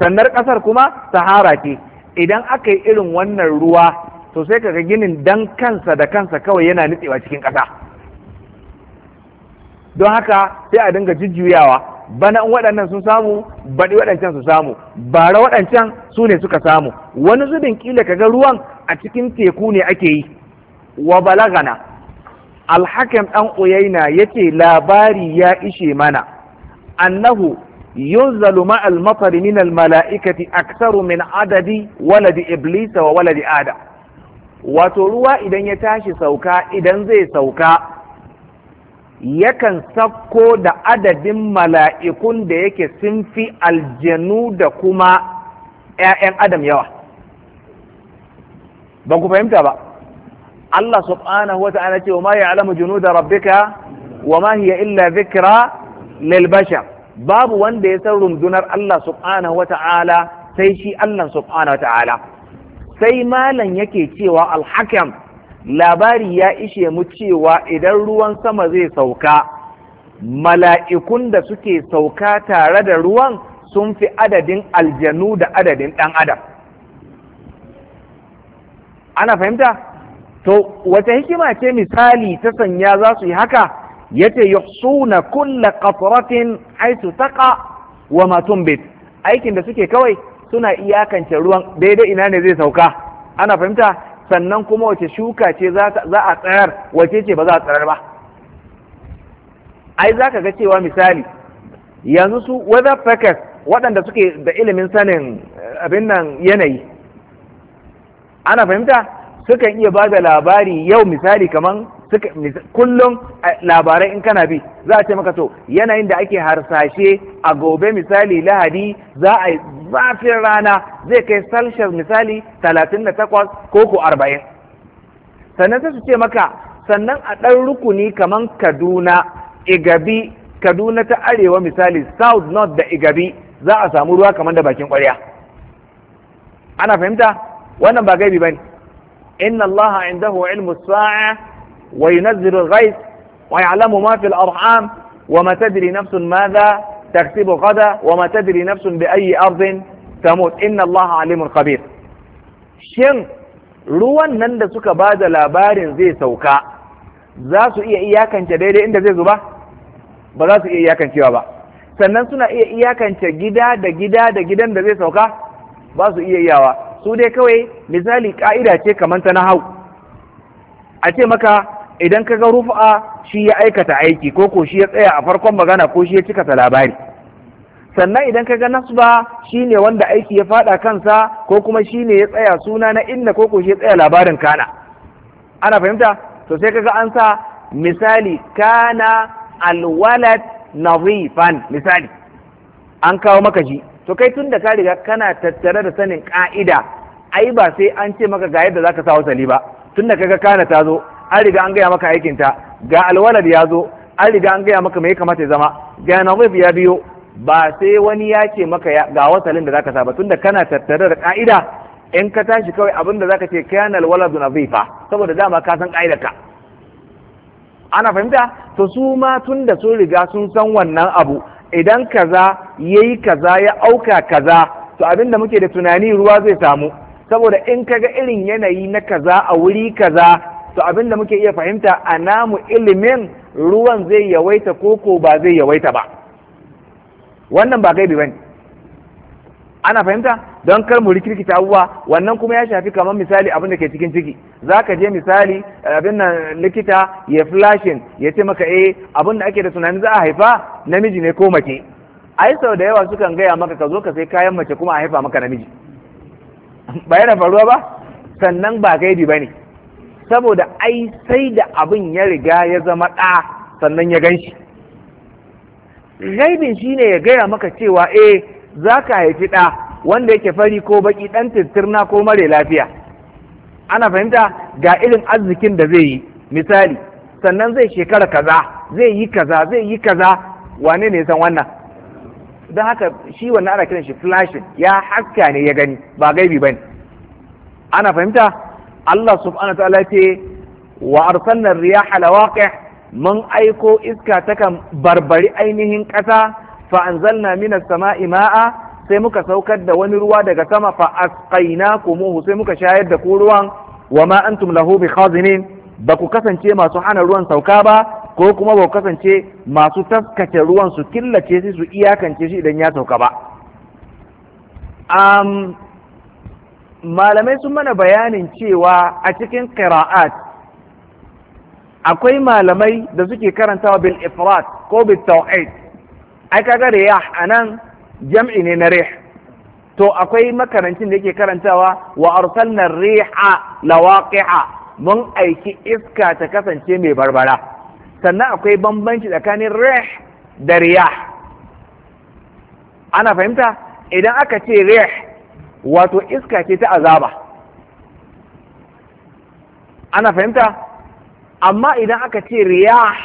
sannan ƙasar kuma sahara ce idan aka yi irin wannan ruwa to sai kaga ginin dan kansa da kansa kawai yana nutsewa cikin ƙasa don haka sai a dinga jujjuyawa bana in waɗannan sun samu baɗi waɗancan su samu bara waɗancan su ne suka samu wani zubin ka ga ruwan a cikin teku ne ake yi wa balagana alhakan ɗan uyaina ce labari ya ishe mana annahu ينزل min المطر mala'ikati الملائكة min adadi waladi ولد wa waladi wato ruwa idan ya tashi sauka idan zai sauka yakan sakko da adadin mala'ikun da yake sun fi aljanu da kuma ‘ya'yan adam yawa ba ku fahimta ba Allah subhanahu wa ta'ala ce wa ma ya'lamu da rabbika wa ma hiya illa zikra lil babu wanda ya san rundunar Allah subhanahu wa ta'ala sai shi Allah subhanahu wa ta'ala sai malam yake cewa alhakam labari ya ishe mu cewa idan ruwan sama zai sauka mala'ikun da suke sauka tare da ruwan sun fi adadin aljanu da adadin ɗan adam ana fahimta to wata hikima ce misali ta sanya za su yi haka Ya yace na kulla qatratin haisu taqa wa ma bit aikin da suke kawai suna iyakance ruwan daidai ina ne zai sauka ana fahimta sannan kuma wace shuka ce za a tsayar wace ce ba za a tsayar ba ai za ka ga cewa misali yanzu su weather forecast waɗanda suke da ilimin sanin eh, abin nan yanayi ana fahimta sukan iya ba da labari yau misali kamar kullum labarai in kana bi za a ce maka to yanayin da ake harsashe a gobe misali lahadi za a yi zafin rana zai kai salshar misali 38 ko ko 40 sannan sai su ce maka sannan a ɗan rukuni kaman kaduna igabi kaduna ta arewa misali south north da igabi za a samu ruwa kamar da bakin kwarya ana fahimta wannan ba gaibi ne inna allaha indahu ilmu sa'a وينزل الغيث ويعلم ما في الأرحام وما تدري نفس ماذا تكسب غدا وما تدري نفس بأي أرض تموت إن الله عليم خبير shin ruwan nan da suka ba da labarin zai sauka za su iya iyakance daidai inda zai zuba ba za su iya iyakancewa ba sannan suna iya iyakance gida da gida da gidan da zai sauka ba su iya iyawa su dai kawai misali ka'ida ce kamar ta na hau a ce maka idan ka ga rufa shi ya aikata aiki ko ko shi ya tsaya a farkon magana ko shi ya cika labari sannan idan ka ga nasba shi ne wanda aiki ya faɗa kansa ko kuma shi ne ya tsaya suna na inna ko ko shi ya tsaya labarin kana ana fahimta to sai ka ga an sa misali kana alwalad nazifan misali an kawo maka shi to kai tun da ka riga kana tattare da sanin ƙa'ida, ai ba sai an ce maka ga yadda zaka sa wasali ba tun da kaga kana ta zo an riga an gaya maka aikinta ga alwalad ya zo an riga an gaya maka mai kamata ya zama ga ya biyo ba sai wani ya ce maka ga wasalin da zaka saba tunda kana tattare da ka'ida in ka tashi kawai abin da zaka ce kana alwalad nazifa saboda dama ka san ka'idar ka ana fahimta to su ma tunda sun riga sun san wannan abu idan kaza yayi kaza ya auka kaza to abin da muke da tunani ruwa zai samu saboda in kaga irin yanayi na kaza a wuri kaza to abin da muke iya fahimta a namu ilimin ruwan zai yawaita koko ba zai yawaita ba wannan ba gaibi bane ana fahimta don kar mu rikirkita abubuwa wannan kuma ya shafi kamar misali abin da ke cikin ciki za ka je misali abin nan likita ya flashing ya ce maka eh abin da ake da tunanin za a haifa namiji ne ko mace ai sau da yawa sukan gaya maka ka zo ka sai kayan mace kuma a haifa maka namiji ba yana faruwa ba sannan ba gaibi ba ne saboda ai sai da abin ya riga ya zama ɗa sannan ya gan shi gaibin shine ya gaya maka cewa eh za ka haifi ɗa wanda yake fari ko baki ɗan tirtirna ko mare lafiya ana fahimta ga irin arzikin da zai yi misali sannan zai shekara kaza zai yi kaza zai yi kaza wane ne san wannan don haka shi wannan ana kiran shi flashin ya haska ne ya gani ba gaibi ne. ana fahimta Allah subhanahu wa ta'ala ce wa arsalna riyaha lawaqih mun aiko iska ta kan barbari ainihin ƙasa fa anzalna minas sama'i ma'a sai muka saukar da wani ruwa daga sama fa asqaynakumuhu sai muka shayar da ku ruwan wa ma antum lahu bikhazinin ba ku kasance masu hana ruwan sauka ba ko kuma ba ku kasance masu taskace ruwan su killace su iyakance shi idan ya sauka ba um, malamai sun mana bayanin cewa a cikin qira'at akwai malamai da suke karantawa bil ifrat ko bil tawhid ai kaga ya anan jam'i ne na rih to akwai makarancin da yake karantawa wa arsalna riha lawaqi'a mun aiki iska ta kasance mai barbara sannan akwai bambanci tsakanin rih da riyah ana fahimta idan aka ce rih wato iska ce ta azaba ana fahimta amma idan aka ce riyah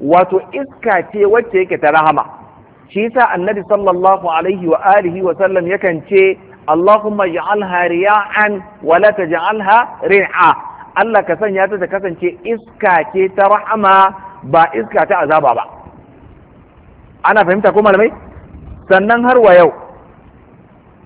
wato iska ce wacce yake ta rahama shi yasa annabi sallallahu alaihi wa alihi wa sallam yakan ce Allahumma ja'alha riyahan wa la taj'alha ri'a Allah ka sanya ta ta kasance iska ce ta rahama ba iska ta azaba ba ana fahimta ko malamai sannan har wa yau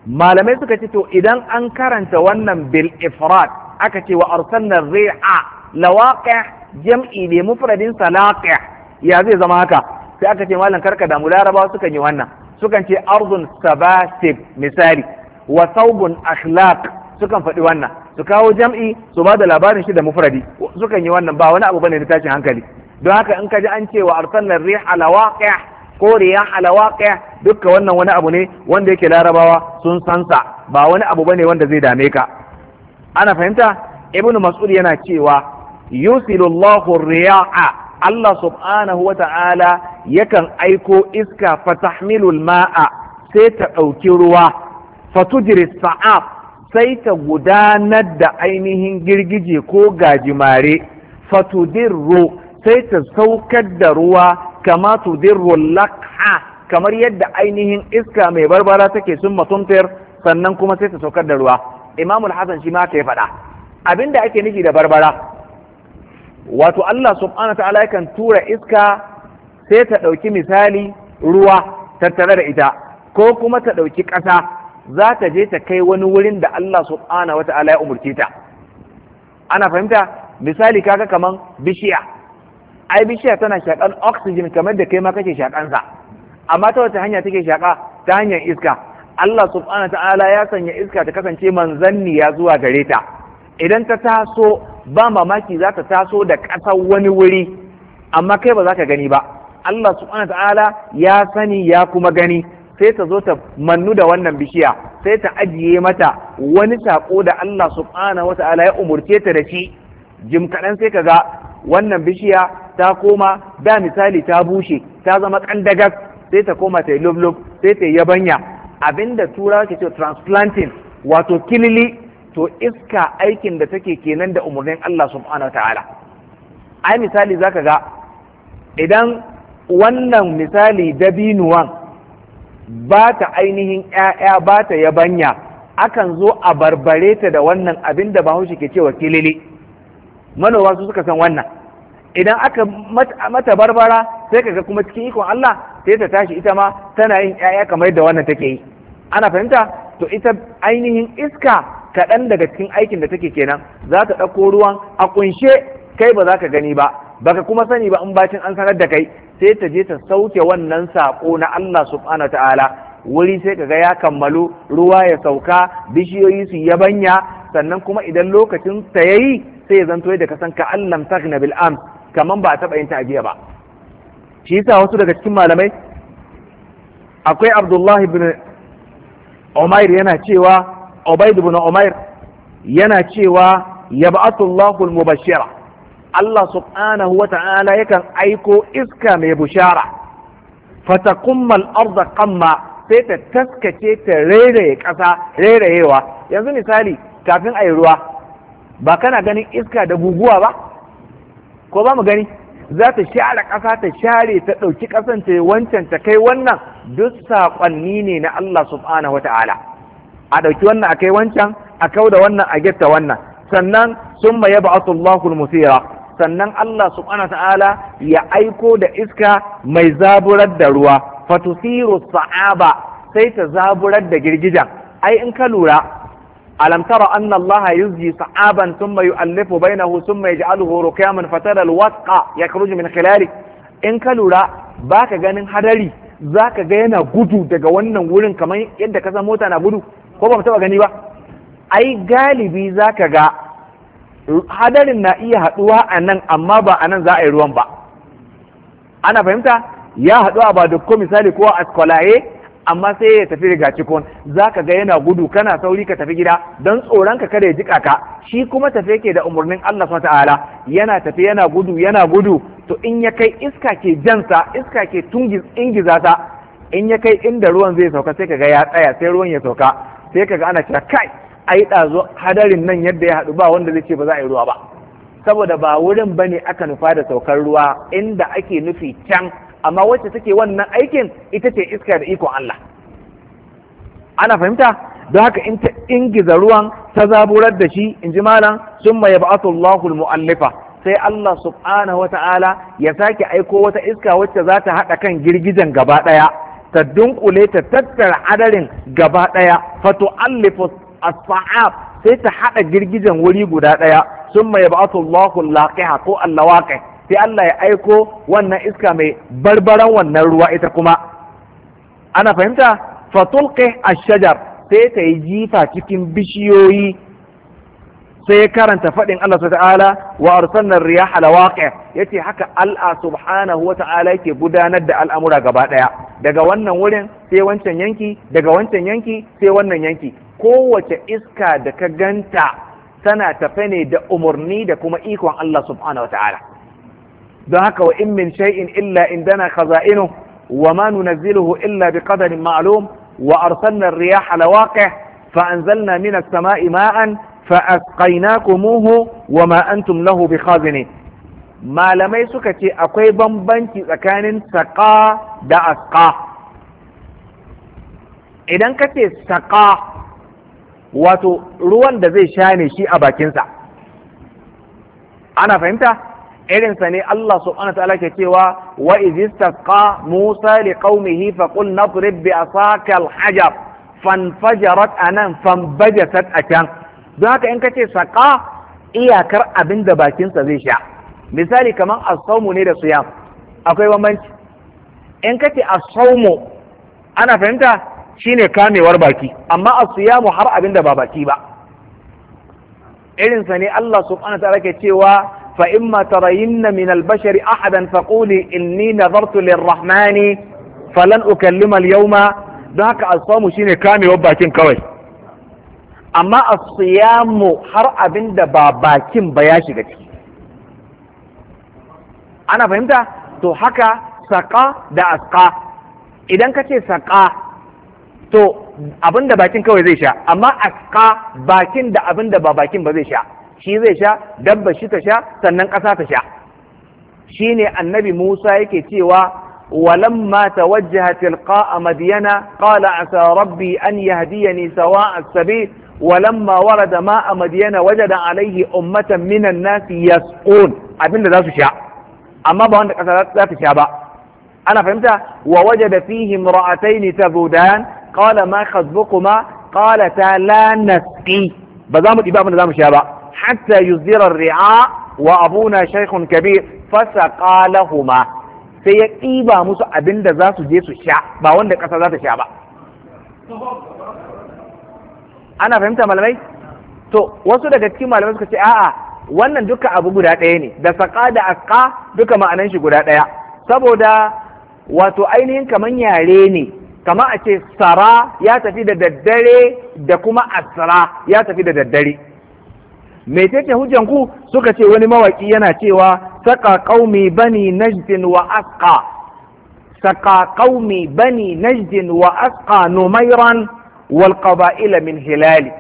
malamai suka ce to idan an karanta wannan bil ifrad aka ce wa arsalna ri'a lawaqi jam'i ne mufradin salaqi ya zai zama haka sai aka ce malam karka damu laraba suka yi wannan sukan ce ardun sabasib misali wa saubun akhlaq sukan faɗi wannan su kawo jam'i su ba da labarin shi da mufradi sukan yi wannan ba wani abu bane da tashin hankali don haka in ka ji an ce wa arsalna riha ala ko riya ala dukka wannan wani abu ne wanda yake larabawa sun sansa ba wani abu bane wanda zai dame ka ana fahimta ibnu mas'ud yana cewa yusilullahu riya'a Allah subhanahu wa ta'ala yakan aiko iska fatahmilul ma'a sai ta ɗauki ruwa fatujiri sa'ab sai ta gudanar da ainihin girgije ko gajimare fatudirru sai ta saukar da ruwa kama tudirru lakha kamar yadda ainihin iska mai barbara take sun matumtar sannan kuma sai ta saukar da ruwa imamul hasan shi ma ta faɗa abinda ake nufi da barbara wato Allah subhanahu ta'ala yakan tura iska sai ta ɗauki misali ruwa tattare da ita ko kuma ta ɗauki ƙasa za ta je ta kai wani wurin da Allah subhanahu ta'ala ya umurce ta ana fahimta misali kaga kaman bishiya ai bishiya tana shakan oxygen kamar da kai ma kake shakansa amma ta wata hanya take shaƙa ta hanyar iska Allah subhanahu ta'ala ya sanya iska ta kasance manzanni ya zuwa gare ta idan ta taso ba mamaki za ta taso da ƙasar wani wuri amma kai ba za ka gani ba Allah subhanahu ta'ala ya sani ya kuma gani sai ta zo ta mannu da wannan bishiya sai ta ajiye mata wani saƙo da Allah subhanahu ta'ala ya umurce ta da shi jim kaɗan sai ka ga wannan bishiya ta koma da misali ta bushe ta zama ƙandagas sai ta koma ta yi lublub sai ta yi yabanya abinda turawa ke ce transplanting wato kilili to iska aikin da take kenan da umarnin Allah subhanahu ta'ala ai misali zaka ga idan wannan misali dabinuwan ba ta ainihin ‘ya'ya ba ta yabanya akan zo a barbare ta da wannan abin da bahaushe ke cewa kilili manoma su suka san wannan idan aka mata barbara sai kaga kuma cikin ikon Allah sai ta tashi ita ma tana yin ƴaƴa kamar da wannan take yi ana fahimta to ita ainihin iska kaɗan daga cikin aikin da take kenan za ta ɗauko ruwan a ƙunshe kai ba za ka gani ba baka kuma sani ba in bacin an sanar da kai sai ta je ta sauke wannan saƙo na Allah subhanahu ta'ala wuri sai ka ga ya kammalu ruwa ya sauka bishiyoyi su yabanya sannan kuma idan lokacin ta yayi sai ya zanto yadda ka san ka Allah tagna bil am Kamar ba a taɓa yin ta ajiya ba shi yasa wasu daga cikin malamai akwai abdullahi ibn umair yana cewa ubaid ibn umair yana cewa yab'atu al-mubashshira Allah subhanahu wa ta'ala yakan aiko iska mai bushara fatakumma al-ardha qamma sai ta taskace ta rairaye ƙasa rairayewa yanzu misali kafin ayi ruwa ba kana ganin iska da guguwa ba ko ba mu gani za ta share ƙasa ta share ta ɗauki ƙasan ta wancan ta kai wannan duk saƙonni ne na Allah subhanahu wa ta'ala a ɗauki wannan a kai wancan a kau da wannan a getta wannan sannan sun ma yaba asullahul musira sannan Allah subhanahu wa ta'ala ya aiko da iska mai zaburar da ruwa fatusiru sa'aba sai ta zaburar da girgijan ai in ka lura alam tara anna allaha yuzji sa'aban thumma yu'allifu bainahu thumma yaj'aluhu rukaman fatara alwaqa yakhruju min khilali in ka lura baka ganin hadari zaka ga yana gudu daga wannan wurin kamar yadda ka san mota na gudu ko ba taba gani ba ai galibi zaka ga hadarin na iya haduwa a nan amma ba anan nan za a yi ruwan ba ana fahimta ya haɗu a badukko misali ko a askolaye amma sai ya tafi riga cikon ka ga yana gudu kana sauri ka tafi gida don tsoron ka kada ya jika ka shi kuma tafi yake da umarnin Allah subhanahu ta'ala yana tafi yana gudu yana gudu to in ya kai iska ke jansa iska ke tungiz ingiza ta in ya kai inda ruwan zai sauka sai ka ga ya tsaya sai ruwan ya sauka sai ka ga ana cewa kai ai ɗazo hadarin nan yadda ya haɗu ba wanda zai ce ba za a yi ruwa ba saboda ba wurin bane aka nufa da saukar ruwa inda ake nufi can amma wacce take wannan aikin ita ce iska da ikon Allah ana fahimta don haka in ta ingiza ruwan ta zaburar da shi in ji malam sun mai ba'atu Allahul mu'allifa sai Allah subhanahu wa ta'ala ya sake aiko wata iska wacce za ta haɗa kan girgijen gaba ɗaya ta dunkule ta tattara adarin gaba ɗaya fatu allifu as-sa'ab sai ta haɗa girgijen wuri guda ɗaya sun mai ba'atu Allahul laqiha ko Allah waqi sai Allah ya aiko wannan iska mai barbaran wannan ruwa ita kuma ana fahimta fatulke a shajar sai ta yi jifa cikin bishiyoyi sai ya karanta faɗin Allah subhanahu ta'ala wa arsalna riya ala Ya ce haka Allah subhanahu wa ta'ala yake gudanar da al'amura gaba ɗaya daga wannan wurin sai wancan yanki daga wancan yanki sai wannan yanki kowace iska da ka ganta tana tafe ne da umarni da kuma ikon Allah subhanahu wa ta'ala don haka wa in min shay'in illa indana khaza'inu wa ma nunazziluhu illa bi ma'lum wa arsalna ar-riyaha lawaqih fa anzalna min as-sama'i ma'an fa asqaynakumuhu wa ma antum lahu bi malamai suka ce akwai bambanci tsakanin saƙa da asƙa idan ka ce saƙa wato ruwan da zai sha ne shi a bakinsa ana fahimta irinsa ne Allah subhanahu ta'ala ke cewa wa izistaqa Musa li qaumihi fa qul nadrib bi asaka al-hajar fanfajarat anan fanbajasat akan don haka in kace saqa iyakar abin da bakinsa zai sha misali kamar as-sawmu ne da siyam akwai bambanci in kace as-sawmu ana fahimta shine kamewar baki amma as-siyamu har abin da ba baki ba irinsa ne Allah subhanahu ta'ala ke cewa فإما ترين من البشر أحدا فقولي إني نظرت للرحمن فلن أكلم اليوم ذاك الصوم شيني كامي وباكين كوي أما الصيام har abin ba bakin ba ya shiga ciki ana fahimta to haka saka da aska idan to abin da bakin kawai zai sha amma aska bakin da abin da ba bakin ba zai sha shi zai sha dabba shi ta sha sannan ƙasa ta sha shi ne annabi musa yake cewa walam mata wajen hatilka a madiyana ƙala a sarabbi an yi hadiya sawa a sabi walam ma wara da a madiyana waje da alaihi ummatan minan nasi ya tsohon abin za su sha amma ba wanda ƙasa za ta sha ba ana fahimta wa waje da fihi mura'atai ne ta budayan ƙala ma kuma ƙala ta la nasi ba za mu ɗiba abin da za mu sha ba hatta yuzira ri'a wa na shaykhun kabir fasaqa lahuma sai ya ɗiba musu abin da za su je su sha ba wanda ƙasa za ta sha ba ana fahimta malamai to wasu daga cikin malamai suka ce a'a wannan duka abu guda ɗaya ne da saƙa da aƙa duka ma'anan shi guda ɗaya saboda wato ainihin kaman yare ne kama a ce sara ya tafi da daddare da kuma asra ya tafi da daddare mecece hujjan ku suka ce wani mawaki yana cewa saka qaumi bani najdin wa asqa saka qaumi bani najdin wa asqa numairan wal qaba'ila min hilali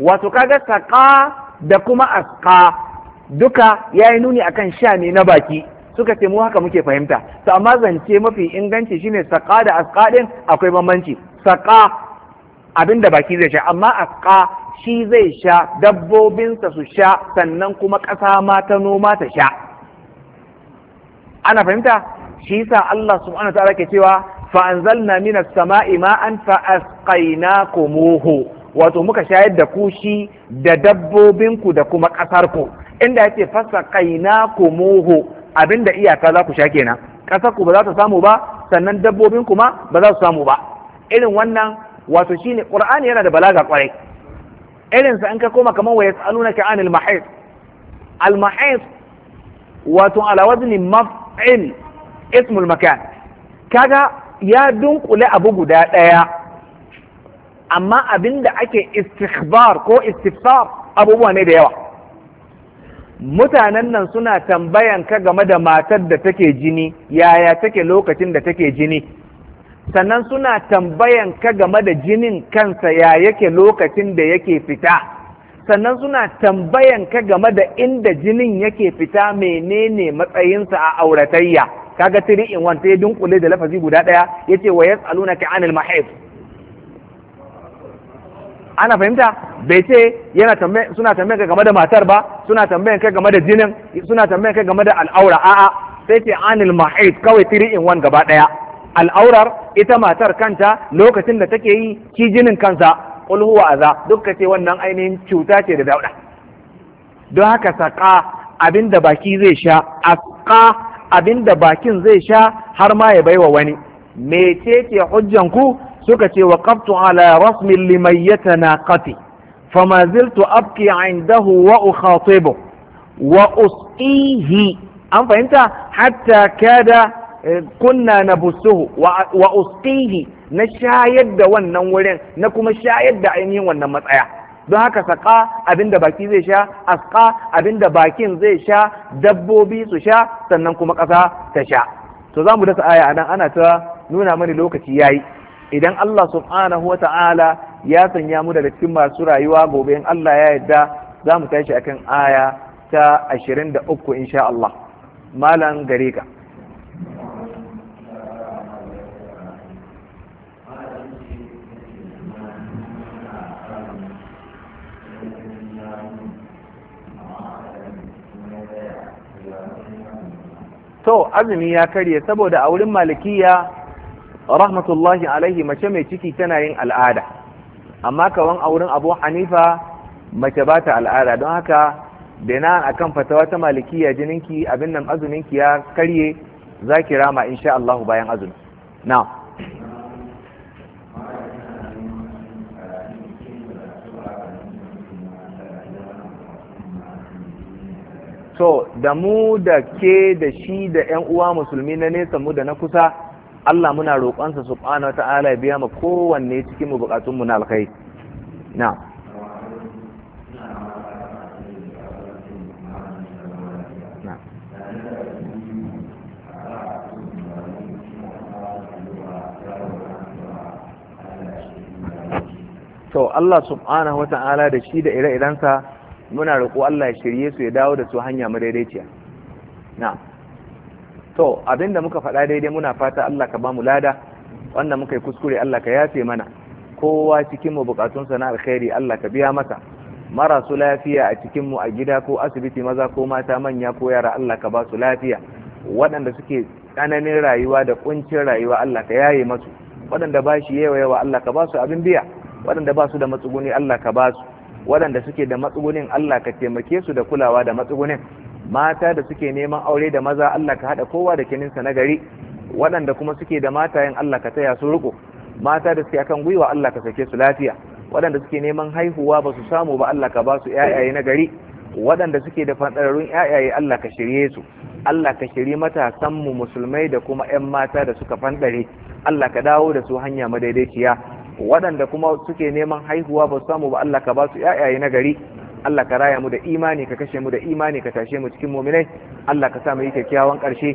wato kaga saka da kuma aska duka yayi nuni akan sha ne na baki suka ce mu haka muke fahimta to amma zance mafi inganci shine saka da asƙa ɗin akwai bambanci saƙa Abinda baki zai sha amma aska. shi zai sha dabbobinsa su sha sannan kuma ƙasa ma ta noma ta sha ana fahimta shi yasa Allah subhanahu wa ta'ala ke cewa fa anzalna minas sama'i ma'an fa asqaynakumuhu wato muka shayar da ku shi da dabbobinku da kuma ƙasar inda yake fasa kaina kainakumuhu abinda iyaka za ku sha kenan ƙasar ku ba za ta samu ba sannan dabbobin kuma ba za su samu ba irin wannan wato shine qur'ani yana da balaga kwarai irinsa in ka koma kamar wa yas'alunaka anil mahid al mahid wato ala wazni maf'il ismul makan kaga ya dunkule abu guda ɗaya amma abinda ake istikhbar ko istifsar abubuwa ne da yawa mutanen nan suna tambayan ka game da matar da take jini yaya take lokacin da take jini sannan suna tambayan ka game da jinin kansa ya yake lokacin da yake fita sannan suna tambayan ka game da inda jinin yake fita menene matsayinsa a auratayya kaga tiri in wanta ya dunkule da lafazi guda daya yace wa yas'alunaka anil mahid ana fahimta bai ce yana suna tambayan ka game da matar ba suna tambayan ka game da jinin suna tambayan ka game da al'aura a'a sai ce anil mahid kawai tiri in wan gaba daya al'aurar ita matar kanta lokacin da take yi ki jinin kansa qul huwa aza duk ce wannan ainihin cuta ce da dauda don haka saƙa abinda baki zai sha asƙa abinda bakin zai sha har ma ya baiwa wani mece ce hujjan ku suka ce wa qaftu ala rasmi liman yatanaqati fama ziltu abki indahu wa ukhatibu wa usqihi an fahimta hatta kada Eh, kunna na busuhu wa na shayar da wannan wurin na kuma shayar da ainihin wannan matsaya don haka saƙa abinda baki zai sha asƙa abinda bakin zai sha dabbobi su sha sannan kuma ƙasa ta sha to za mu dasa aya anan ana ta nuna mani lokaci yayi idan Allah subhanahu wa ta'ala ya sanya mu daga cikin masu rayuwa gobe in Allah ya yarda za mu tashi akan aya ta 23 insha Allah malam gare ka to azumi ya karye saboda a wurin malikiya rahmatullahi alaihi mace mai ciki tana yin al'ada amma kawan a wurin abu hanifa mace ba ta al'ada don haka a kan fatawa ta malikiya jininki abin nan azuminki ya karye za ki rama insha Allah bayan azumi to da mu da ke da shi da yan uwa musulmi na nesa mu da na kusa Allah muna roƙonsa subhanahu wata'ala ya biya mu kowanne cikin mu bukatun mu na alkhairi na to Allah subhanahu wa ta'ala da shi da ire-irensa muna roƙo Allah ya shirye su ya dawo da su hanya madaidaiciya na to abinda muka faɗa daidai muna fata Allah ka bamu lada wanda muka yi kuskure Allah ka yafe mana kowa cikin mu bukatun na alkhairi Allah ka biya masa marasu lafiya a cikin mu a gida ko asibiti maza ko mata manya ko yara Allah ka ba su lafiya waɗanda suke tsananin rayuwa da kuncin rayuwa Allah ka yaye masu waɗanda ba shi yawa yawa Allah ka ba su abin biya waɗanda ba su da matsuguni Allah ka ba su waɗanda suke da matsugunin Allah ka taimake su da kulawa da matsugunin mata da suke neman aure da maza Allah ka haɗa kowa da kininsa na gari waɗanda kuma suke da matayen Allah ka taya su riko mata da suke akan gwiwa Allah ka sake su lafiya waɗanda suke neman haihuwa ba su samu ba Allah ka ba su ƴaƴaye na gari waɗanda suke da fadararrun ƴaƴaye Allah ka shirye su Allah ka shiri matasan musulmai da kuma 'yan mata da suka fanɗare Allah ka dawo da su hanya madaidaiciya waɗanda kuma suke neman haihuwa ba samu ba Allah ka ba su yayaye na gari Allah ka raya mu da imani ka kashe mu da imani ka tashe mu cikin muminai Allah ka sa mu yi kyakkyawan ƙarshe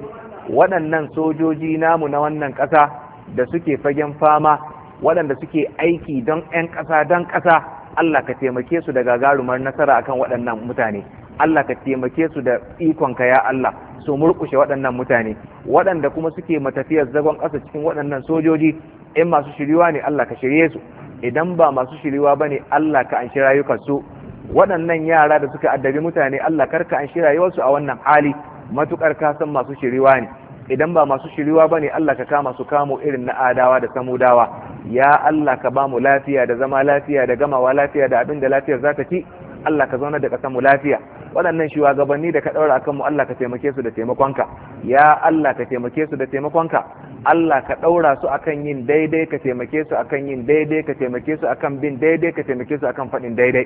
waɗannan sojoji namu na wannan ƙasa da suke fagen fama waɗanda suke aiki don ƴan ƙasa don ƙasa Allah ka taimake su da gagarumar nasara akan waɗannan mutane Allah ka taimake su da ikonka ya Allah su murƙushe waɗannan mutane waɗanda kuma suke matafiyar zagon ƙasa cikin waɗannan sojoji in masu shiriwa ne Allah ka shirye su idan ba masu shiriwa ba ne Allah ka anshi rayukansu waɗannan yara da suka addabi mutane Allah karka anshi rayuwarsu a wannan hali matukar ka san masu shiriwa ne idan ba masu shiriwa ba ne Allah ka kama su kamo irin na adawa da samudawa ya Allah ka ba mu lafiya da zama lafiya da gamawa lafiya da abin da lafiyar za ta ci Allah ka zauna da ƙasar mu lafiya waɗannan shugabanni da ka ɗaura akan mu Allah ka taimake su da taimakonka ya Allah ka taimake su da taimakonka Allah ka ɗaura su akan yin daidai ka taimake su akan yin daidai ka taimake su akan bin daidai ka taimake su akan faɗin daidai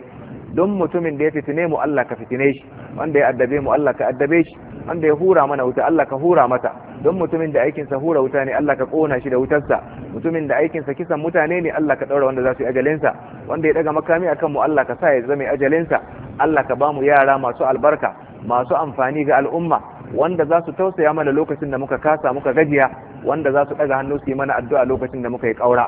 don mutumin da ya fitine mu Allah ka fitine shi wanda ya addabe mu Allah ka addabe shi wanda ya hura mana wuta Allah ka hura mata don mutumin da aikinsa hura wuta ne Allah ka kona shi da wutarsa mutumin da aikinsa kisan mutane ne Allah ka daura wanda za su yi ajalinsa wanda ya daga makami akan mu Allah ka sa ya zama ajalinsa Allah ka bamu yara masu albarka masu amfani ga al'umma wanda za su tausaya mana lokacin da muka kasa muka gajiya wanda za su daga hannu su yi mana addu'a lokacin da muka yi kaura